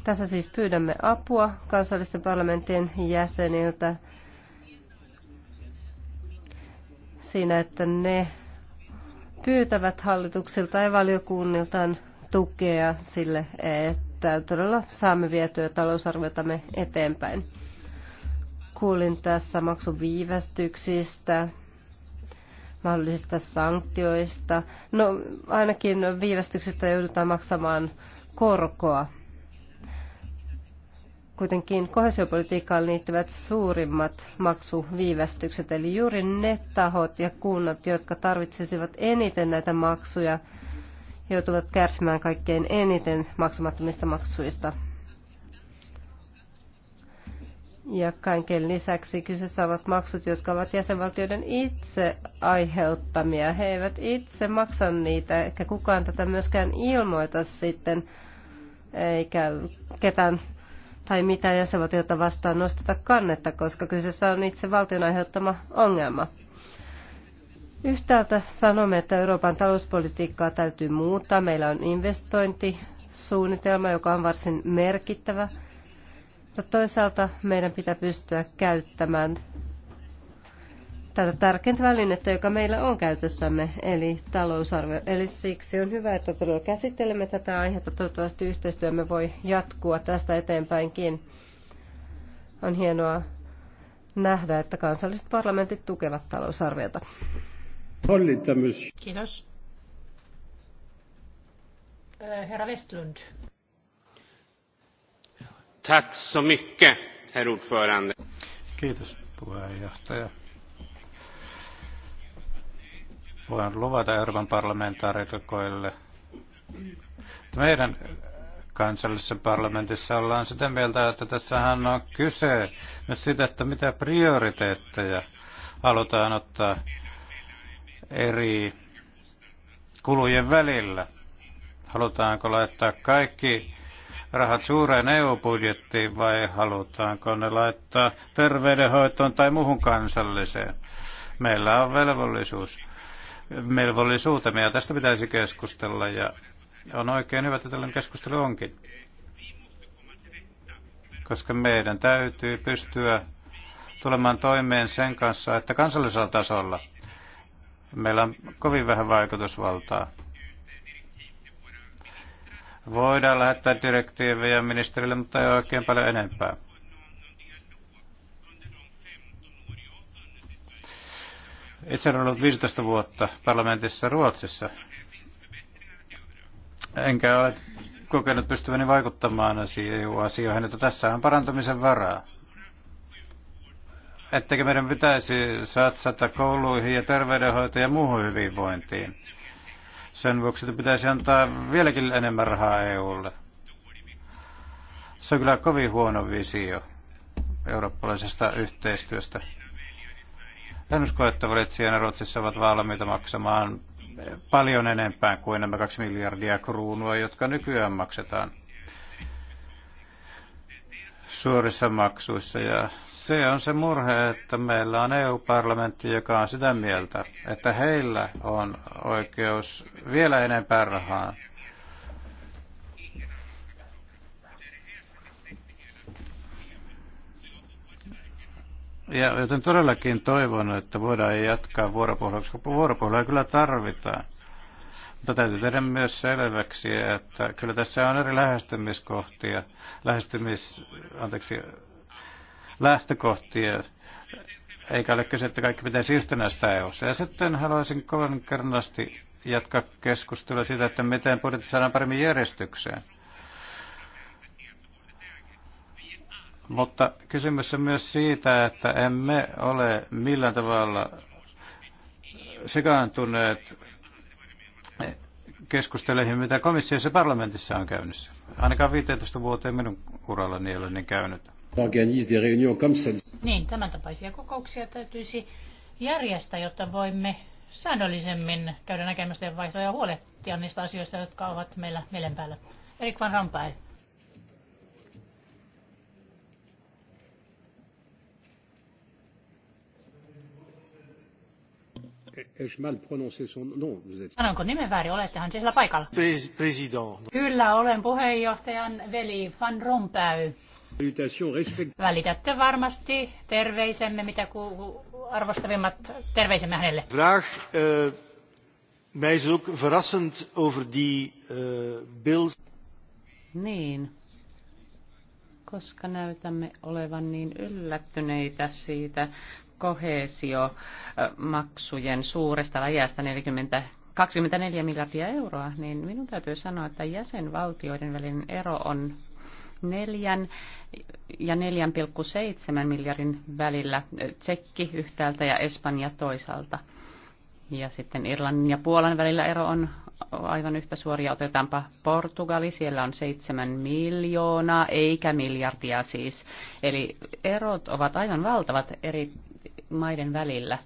Tässä siis pyydämme apua kansallisten parlamenttien jäseniltä siinä, että ne pyytävät hallituksilta ja valiokunniltaan tukea sille, että todella saamme vietyä talousarviotamme eteenpäin. Kuulin tässä maksuviivästyksistä, mahdollisista sanktioista. No ainakin viivästyksistä joudutaan maksamaan korkoa kuitenkin kohesiopolitiikkaan liittyvät suurimmat maksuviivästykset, eli juuri ne tahot ja kunnat, jotka tarvitsisivat eniten näitä maksuja, joutuvat kärsimään kaikkein eniten maksamattomista maksuista. Ja kaiken lisäksi kyseessä ovat maksut, jotka ovat jäsenvaltioiden itse aiheuttamia. He eivät itse maksa niitä, eikä kukaan tätä myöskään ilmoita sitten, eikä ketään tai mitä jäsenvaltiota vastaan nosteta kannetta, koska kyseessä on itse valtion aiheuttama ongelma. Yhtäältä sanomme, että Euroopan talouspolitiikkaa täytyy muuttaa. Meillä on investointisuunnitelma, joka on varsin merkittävä. Mutta toisaalta meidän pitää pystyä käyttämään tätä tärkeintä välinettä, joka meillä on käytössämme, eli talousarvio. Eli siksi on hyvä, että todella käsittelemme tätä aihetta. Toivottavasti yhteistyömme voi jatkua tästä eteenpäinkin. On hienoa nähdä, että kansalliset parlamentit tukevat talousarviota. Hollittamus. Kiitos. Äh, herra Westlund. Tack så mycket, herr ordförande. Kiitos, puheenjohtaja voin luvata Euroopan parlamentaarikoille, että meidän kansallisessa parlamentissa ollaan sitä mieltä, että tässähän on kyse myös siitä, että mitä prioriteetteja halutaan ottaa eri kulujen välillä. Halutaanko laittaa kaikki rahat suureen EU-budjettiin vai halutaanko ne laittaa terveydenhoitoon tai muuhun kansalliseen? Meillä on velvollisuus velvollisuutemme ja tästä pitäisi keskustella ja on oikein hyvä, että tällainen keskustelu onkin. Koska meidän täytyy pystyä tulemaan toimeen sen kanssa, että kansallisella tasolla meillä on kovin vähän vaikutusvaltaa. Voidaan lähettää direktiivejä ministerille, mutta ei oikein paljon enempää. Itse olen ollut 15 vuotta parlamentissa Ruotsissa, enkä ole kokenut pystyväni vaikuttamaan EU-asioihin, että tässä on parantamisen varaa. Ettekö meidän pitäisi satsata kouluihin ja terveydenhoitoon ja muuhun hyvinvointiin? Sen vuoksi että pitäisi antaa vieläkin enemmän rahaa EUlle. Se on kyllä kovin huono visio eurooppalaisesta yhteistyöstä. En usko, että ja Ruotsissa ovat valmiita maksamaan paljon enempää kuin nämä kaksi miljardia kruunua, jotka nykyään maksetaan suorissa maksuissa. Ja se on se murhe, että meillä on EU-parlamentti, joka on sitä mieltä, että heillä on oikeus vielä enempää rahaa Ja joten todellakin toivon, että voidaan jatkaa vuoropuhelua, koska vuoropuhelua kyllä tarvitaan. Mutta täytyy tehdä myös selväksi, että kyllä tässä on eri lähestymiskohtia, lähestymis, anteeksi, lähtökohtia, eikä ole kyse, että kaikki pitäisi yhtenäistä eu Ja sitten haluaisin kovin kernaasti jatkaa keskustelua siitä, että miten budjetti saadaan paremmin järjestykseen. Mutta kysymys on myös siitä, että emme ole millään tavalla sekaantuneet keskusteluihin, mitä komissiossa ja parlamentissa on käynnissä. Ainakaan 15 vuoteen minun urallani ei ole niin käynyt. Niin, tämän tapaisia kokouksia täytyisi järjestää, jotta voimme säännöllisemmin käydä näkemysten vaihtoja ja huolehtia niistä asioista, jotka ovat meillä mielen päällä. Erik van Rampäin. Ai-je mal prononcé son nom? Vous êtes... Sanonko nimen väärin? Olettehan siellä paikalla. President. Kyllä, olen puheenjohtajan veli Van Rompuy. Välitätte varmasti terveisemme, mitä ku, arvostavimmat terveisemme hänelle. Vraag, uh, mij is ook verrassend over die uh, eh, bills. Niin, koska näytämme olevan niin yllättyneitä siitä, kohesiomaksujen suuresta läjästä 40 24 miljardia euroa, niin minun täytyy sanoa, että jäsenvaltioiden välinen ero on 4 ja 4,7 miljardin välillä eh, Tsekki yhtäältä ja Espanja toisaalta. Ja sitten Irlannin ja Puolan välillä ero on aivan yhtä suoria. Otetaanpa Portugali, siellä on 7 miljoonaa, eikä miljardia siis. Eli erot ovat aivan valtavat eri maiden välillä.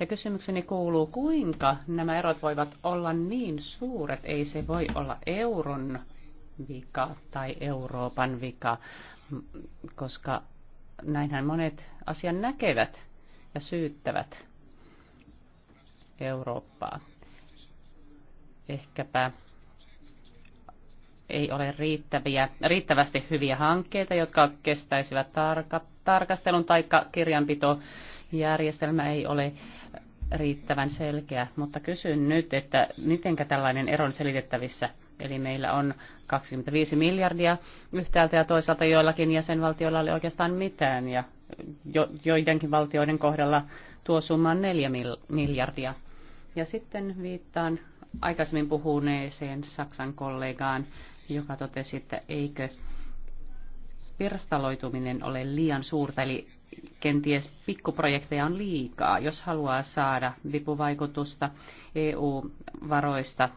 Ja kysymykseni kuuluu, kuinka nämä erot voivat olla niin suuret? Ei se voi olla euron vika tai Euroopan vika, koska näinhän monet asian näkevät ja syyttävät Eurooppaa. Ehkäpä ei ole riittäviä, riittävästi hyviä hankkeita, jotka kestäisivät tarka, tarkastelun tai kirjanpito järjestelmä ei ole riittävän selkeä, mutta kysyn nyt, että miten tällainen ero on selitettävissä? Eli meillä on 25 miljardia yhtäältä ja toisaalta joillakin jäsenvaltioilla oli oikeastaan mitään ja jo, joidenkin valtioiden kohdalla tuo summa on 4 miljardia. Ja sitten viittaan aikaisemmin puhuneeseen Saksan kollegaan, joka totesi, että eikö pirstaloituminen ole liian suurta, eli kenties pikkuprojekteja on liikaa, jos haluaa saada vipuvaikutusta EU-varoista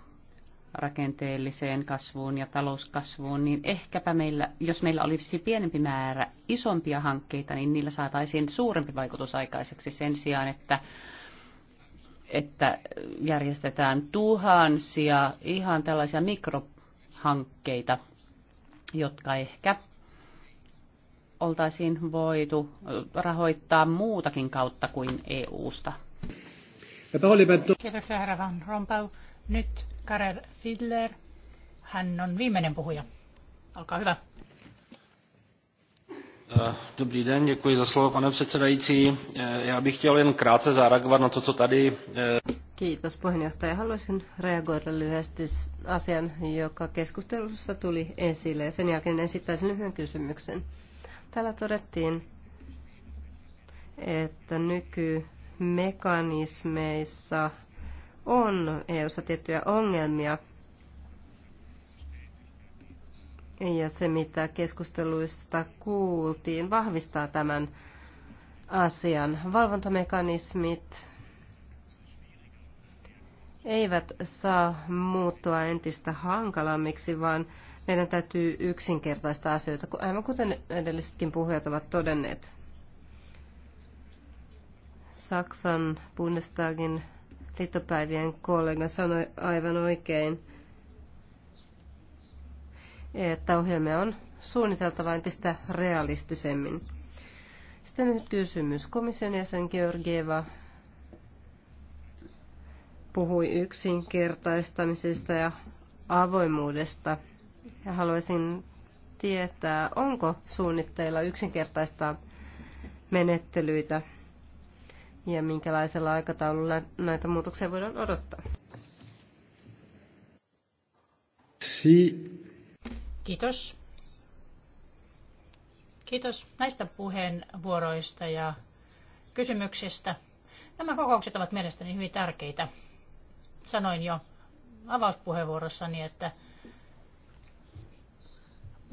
rakenteelliseen kasvuun ja talouskasvuun, niin ehkäpä meillä, jos meillä olisi pienempi määrä isompia hankkeita, niin niillä saataisiin suurempi vaikutus aikaiseksi sen sijaan, että, että järjestetään tuhansia ihan tällaisia mikrohankkeita, jotka ehkä oltaisiin voitu rahoittaa muutakin kautta kuin EU-sta. Kiitoksia herra Van Rompau. Nyt Karel Fidler. Hän on viimeinen puhuja. Olkaa hyvä. Eh, dobrý den, děkuji za slovo, pane předsedající. Eh, já bych chtěl jen krátce zareagovat na to, co tady... Eh, Kiitos puheenjohtaja. Haluaisin reagoida lyhyesti asian, joka keskustelussa tuli esille. Sen jälkeen esittäisin lyhyen kysymyksen. Täällä todettiin, että nykymekanismeissa on EU-ssa tiettyjä ongelmia. Ja se, mitä keskusteluista kuultiin, vahvistaa tämän asian. Valvontamekanismit eivät saa muuttua entistä hankalammiksi, vaan meidän täytyy yksinkertaista asioita, aivan kuten edellisetkin puhujat ovat todenneet. Saksan Bundestagin liittopäivien kollega sanoi aivan oikein, että ohjelmia on suunniteltava entistä realistisemmin. Sitten nyt kysymys. Komission jäsen Georgieva puhui yksinkertaistamisesta ja avoimuudesta – ja haluaisin tietää, onko suunnitteilla yksinkertaista menettelyitä ja minkälaisella aikataululla näitä muutoksia voidaan odottaa. Si. Kiitos. Kiitos näistä puheenvuoroista ja kysymyksistä. Nämä kokoukset ovat mielestäni hyvin tärkeitä. Sanoin jo avauspuheenvuorossani, että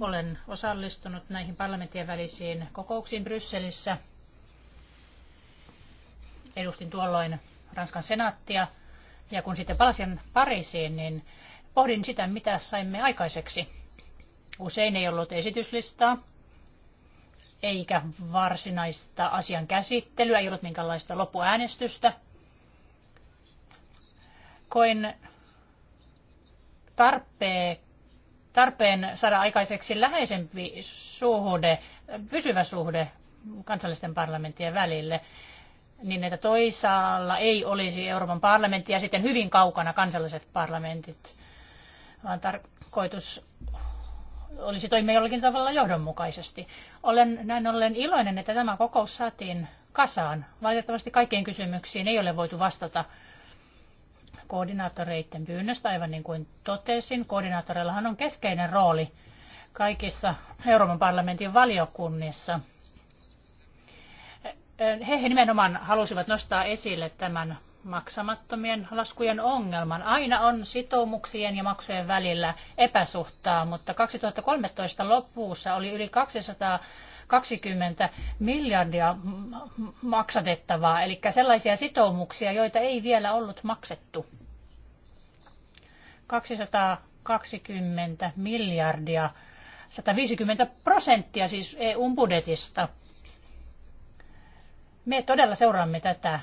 olen osallistunut näihin parlamenttien välisiin kokouksiin Brysselissä. Edustin tuolloin Ranskan senaattia. Ja kun sitten palasin Pariisiin, niin pohdin sitä, mitä saimme aikaiseksi. Usein ei ollut esityslistaa, eikä varsinaista asian käsittelyä, ei ollut minkäänlaista loppuäänestystä. Koin tarpeeksi tarpeen saada aikaiseksi läheisempi suhde, pysyvä suhde kansallisten parlamenttien välille, niin että toisaalla ei olisi Euroopan parlamentti ja sitten hyvin kaukana kansalliset parlamentit, vaan tarkoitus olisi toimia jollakin tavalla johdonmukaisesti. Olen näin ollen iloinen, että tämä kokous saatiin kasaan. Valitettavasti kaikkiin kysymyksiin ei ole voitu vastata koordinaattoreiden pyynnöstä, aivan niin kuin totesin. Koordinaattoreillahan on keskeinen rooli kaikissa Euroopan parlamentin valiokunnissa. He nimenomaan halusivat nostaa esille tämän maksamattomien laskujen ongelman. Aina on sitoumuksien ja maksujen välillä epäsuhtaa, mutta 2013 lopussa oli yli 220 miljardia maksatettavaa, eli sellaisia sitoumuksia, joita ei vielä ollut maksettu. 220 miljardia, 150 prosenttia siis eu budjetista. Me todella seuraamme tätä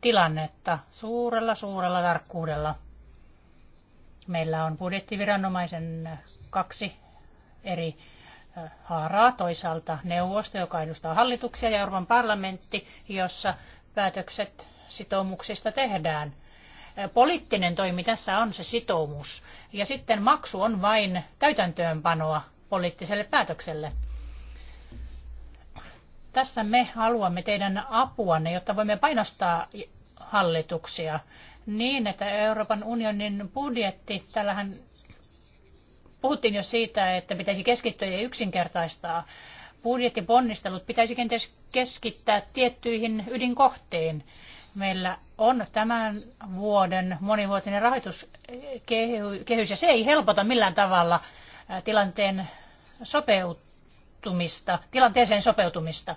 tilannetta suurella, suurella tarkkuudella. Meillä on budjettiviranomaisen kaksi eri haaraa. Toisaalta neuvosto, joka edustaa hallituksia ja Euroopan parlamentti, jossa päätökset sitoumuksista tehdään poliittinen toimi tässä on se sitoumus. Ja sitten maksu on vain täytäntöönpanoa poliittiselle päätökselle. Tässä me haluamme teidän apuanne, jotta voimme painostaa hallituksia niin, että Euroopan unionin budjetti, tällähän puhuttiin jo siitä, että pitäisi keskittyä ja yksinkertaistaa. Budjettiponnistelut pitäisi kenties keskittää tiettyihin ydinkohtiin. Meillä on tämän vuoden monivuotinen rahoituskehys ja se ei helpota millään tavalla tilanteen sopeutumista, tilanteeseen sopeutumista.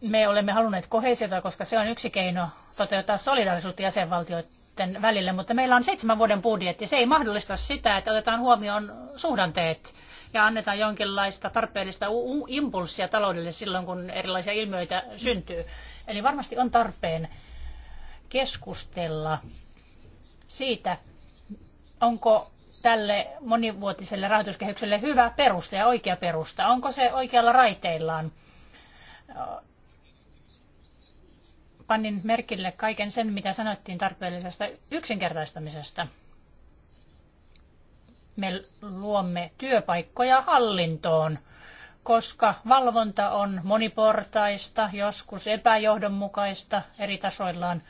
Me olemme halunneet kohesiota, koska se on yksi keino toteuttaa solidaarisuutta jäsenvaltioiden välille, mutta meillä on seitsemän vuoden budjetti. Se ei mahdollista sitä, että otetaan huomioon suhdanteet ja annetaan jonkinlaista tarpeellista impulssia taloudelle silloin, kun erilaisia ilmiöitä syntyy. Eli varmasti on tarpeen keskustella siitä, onko tälle monivuotiselle rahoituskehykselle hyvä perusta ja oikea perusta? Onko se oikealla raiteillaan? Pannin merkille kaiken sen, mitä sanottiin tarpeellisesta yksinkertaistamisesta me luomme työpaikkoja hallintoon, koska valvonta on moniportaista, joskus epäjohdonmukaista eri tasoillaan.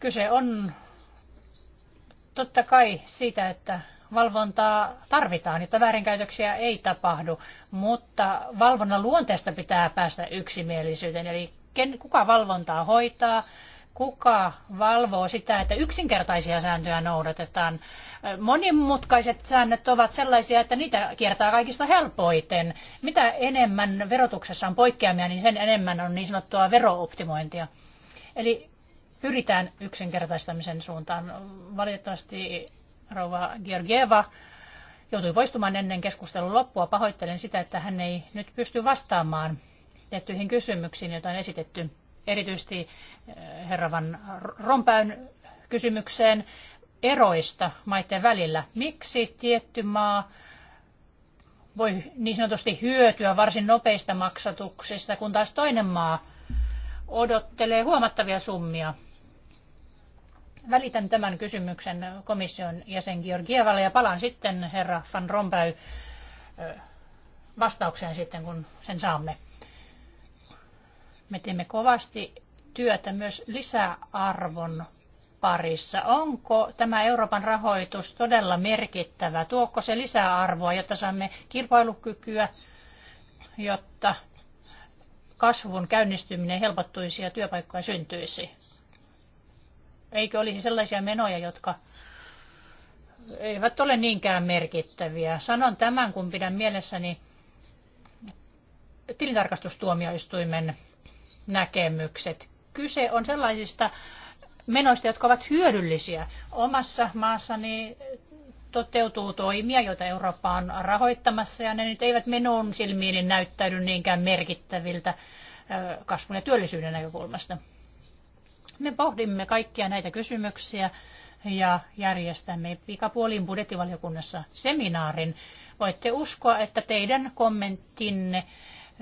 Kyse on totta kai siitä, että valvontaa tarvitaan, jotta väärinkäytöksiä ei tapahdu, mutta valvonnan luonteesta pitää päästä yksimielisyyteen, eli ken, kuka valvontaa hoitaa, kuka valvoo sitä, että yksinkertaisia sääntöjä noudatetaan. Monimutkaiset säännöt ovat sellaisia, että niitä kiertää kaikista helpoiten. Mitä enemmän verotuksessa on poikkeamia, niin sen enemmän on niin sanottua verooptimointia. Eli pyritään yksinkertaistamisen suuntaan. Valitettavasti rouva Georgieva joutui poistumaan ennen keskustelun loppua. Pahoittelen sitä, että hän ei nyt pysty vastaamaan tiettyihin kysymyksiin, joita on esitetty erityisesti eh, herra Van Rompäyn kysymykseen eroista maiden välillä. Miksi tietty maa voi niin sanotusti hyötyä varsin nopeista maksatuksista, kun taas toinen maa odottelee huomattavia summia? Välitän tämän kysymyksen komission jäsen Georgievalle ja palaan sitten herra Van Rompäy eh, vastaukseen sitten, kun sen saamme. Me teemme kovasti työtä myös lisäarvon parissa. Onko tämä Euroopan rahoitus todella merkittävä? Tuoko se lisäarvoa, jotta saamme kilpailukykyä, jotta kasvun käynnistyminen helpottuisi ja työpaikkoja syntyisi? Eikö olisi sellaisia menoja, jotka eivät ole niinkään merkittäviä? Sanon tämän, kun pidän mielessäni tilintarkastustuomioistuimen näkemykset. Kyse on sellaisista menoista, jotka ovat hyödyllisiä. Omassa maassani toteutuu toimia, joita Eurooppa on rahoittamassa, ja ne nyt eivät minun silmiini näyttäydy niinkään merkittäviltä kasvun ja työllisyyden näkökulmasta. Me pohdimme kaikkia näitä kysymyksiä ja järjestämme pikapuoliin budjettivaliokunnassa seminaarin. Voitte uskoa, että teidän kommenttinne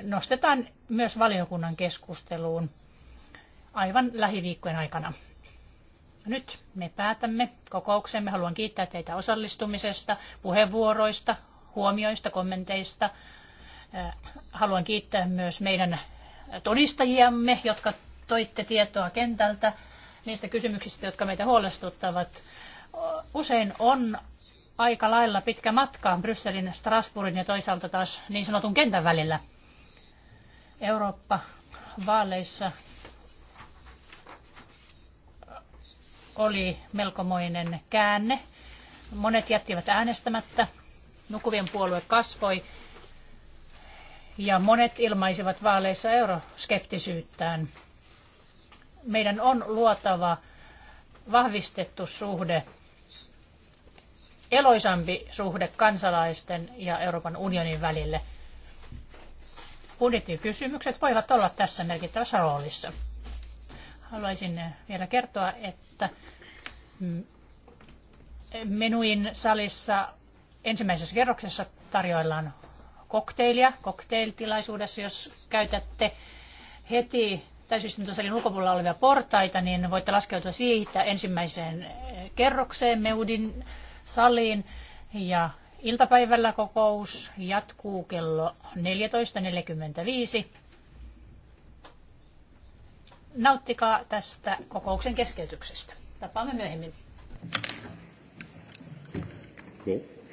nostetaan myös valiokunnan keskusteluun aivan lähiviikkojen aikana. Nyt me päätämme kokouksemme. Haluan kiittää teitä osallistumisesta, puheenvuoroista, huomioista, kommenteista. Äh, haluan kiittää myös meidän todistajiamme, jotka toitte tietoa kentältä niistä kysymyksistä, jotka meitä huolestuttavat. Usein on aika lailla pitkä matka Brysselin, Strasbourgin ja toisaalta taas niin sanotun kentän välillä. Eurooppa-vaaleissa oli melkomoinen käänne. Monet jättivät äänestämättä, nukuvien puolue kasvoi ja monet ilmaisivat vaaleissa euroskeptisyyttään. Meidän on luotava vahvistettu suhde, eloisampi suhde kansalaisten ja Euroopan unionin välille – budjettikysymykset voivat olla tässä merkittävässä roolissa. Haluaisin vielä kertoa, että menuin salissa ensimmäisessä kerroksessa tarjoillaan kokteilia, kokteiltilaisuudessa, jos käytätte heti täysistuntosalin ulkopuolella olevia portaita, niin voitte laskeutua siitä ensimmäiseen kerrokseen Meudin saliin ja Iltapäivällä kokous jatkuu kello 14.45. Nauttikaa tästä kokouksen keskeytyksestä. Tapaamme myöhemmin. Cool.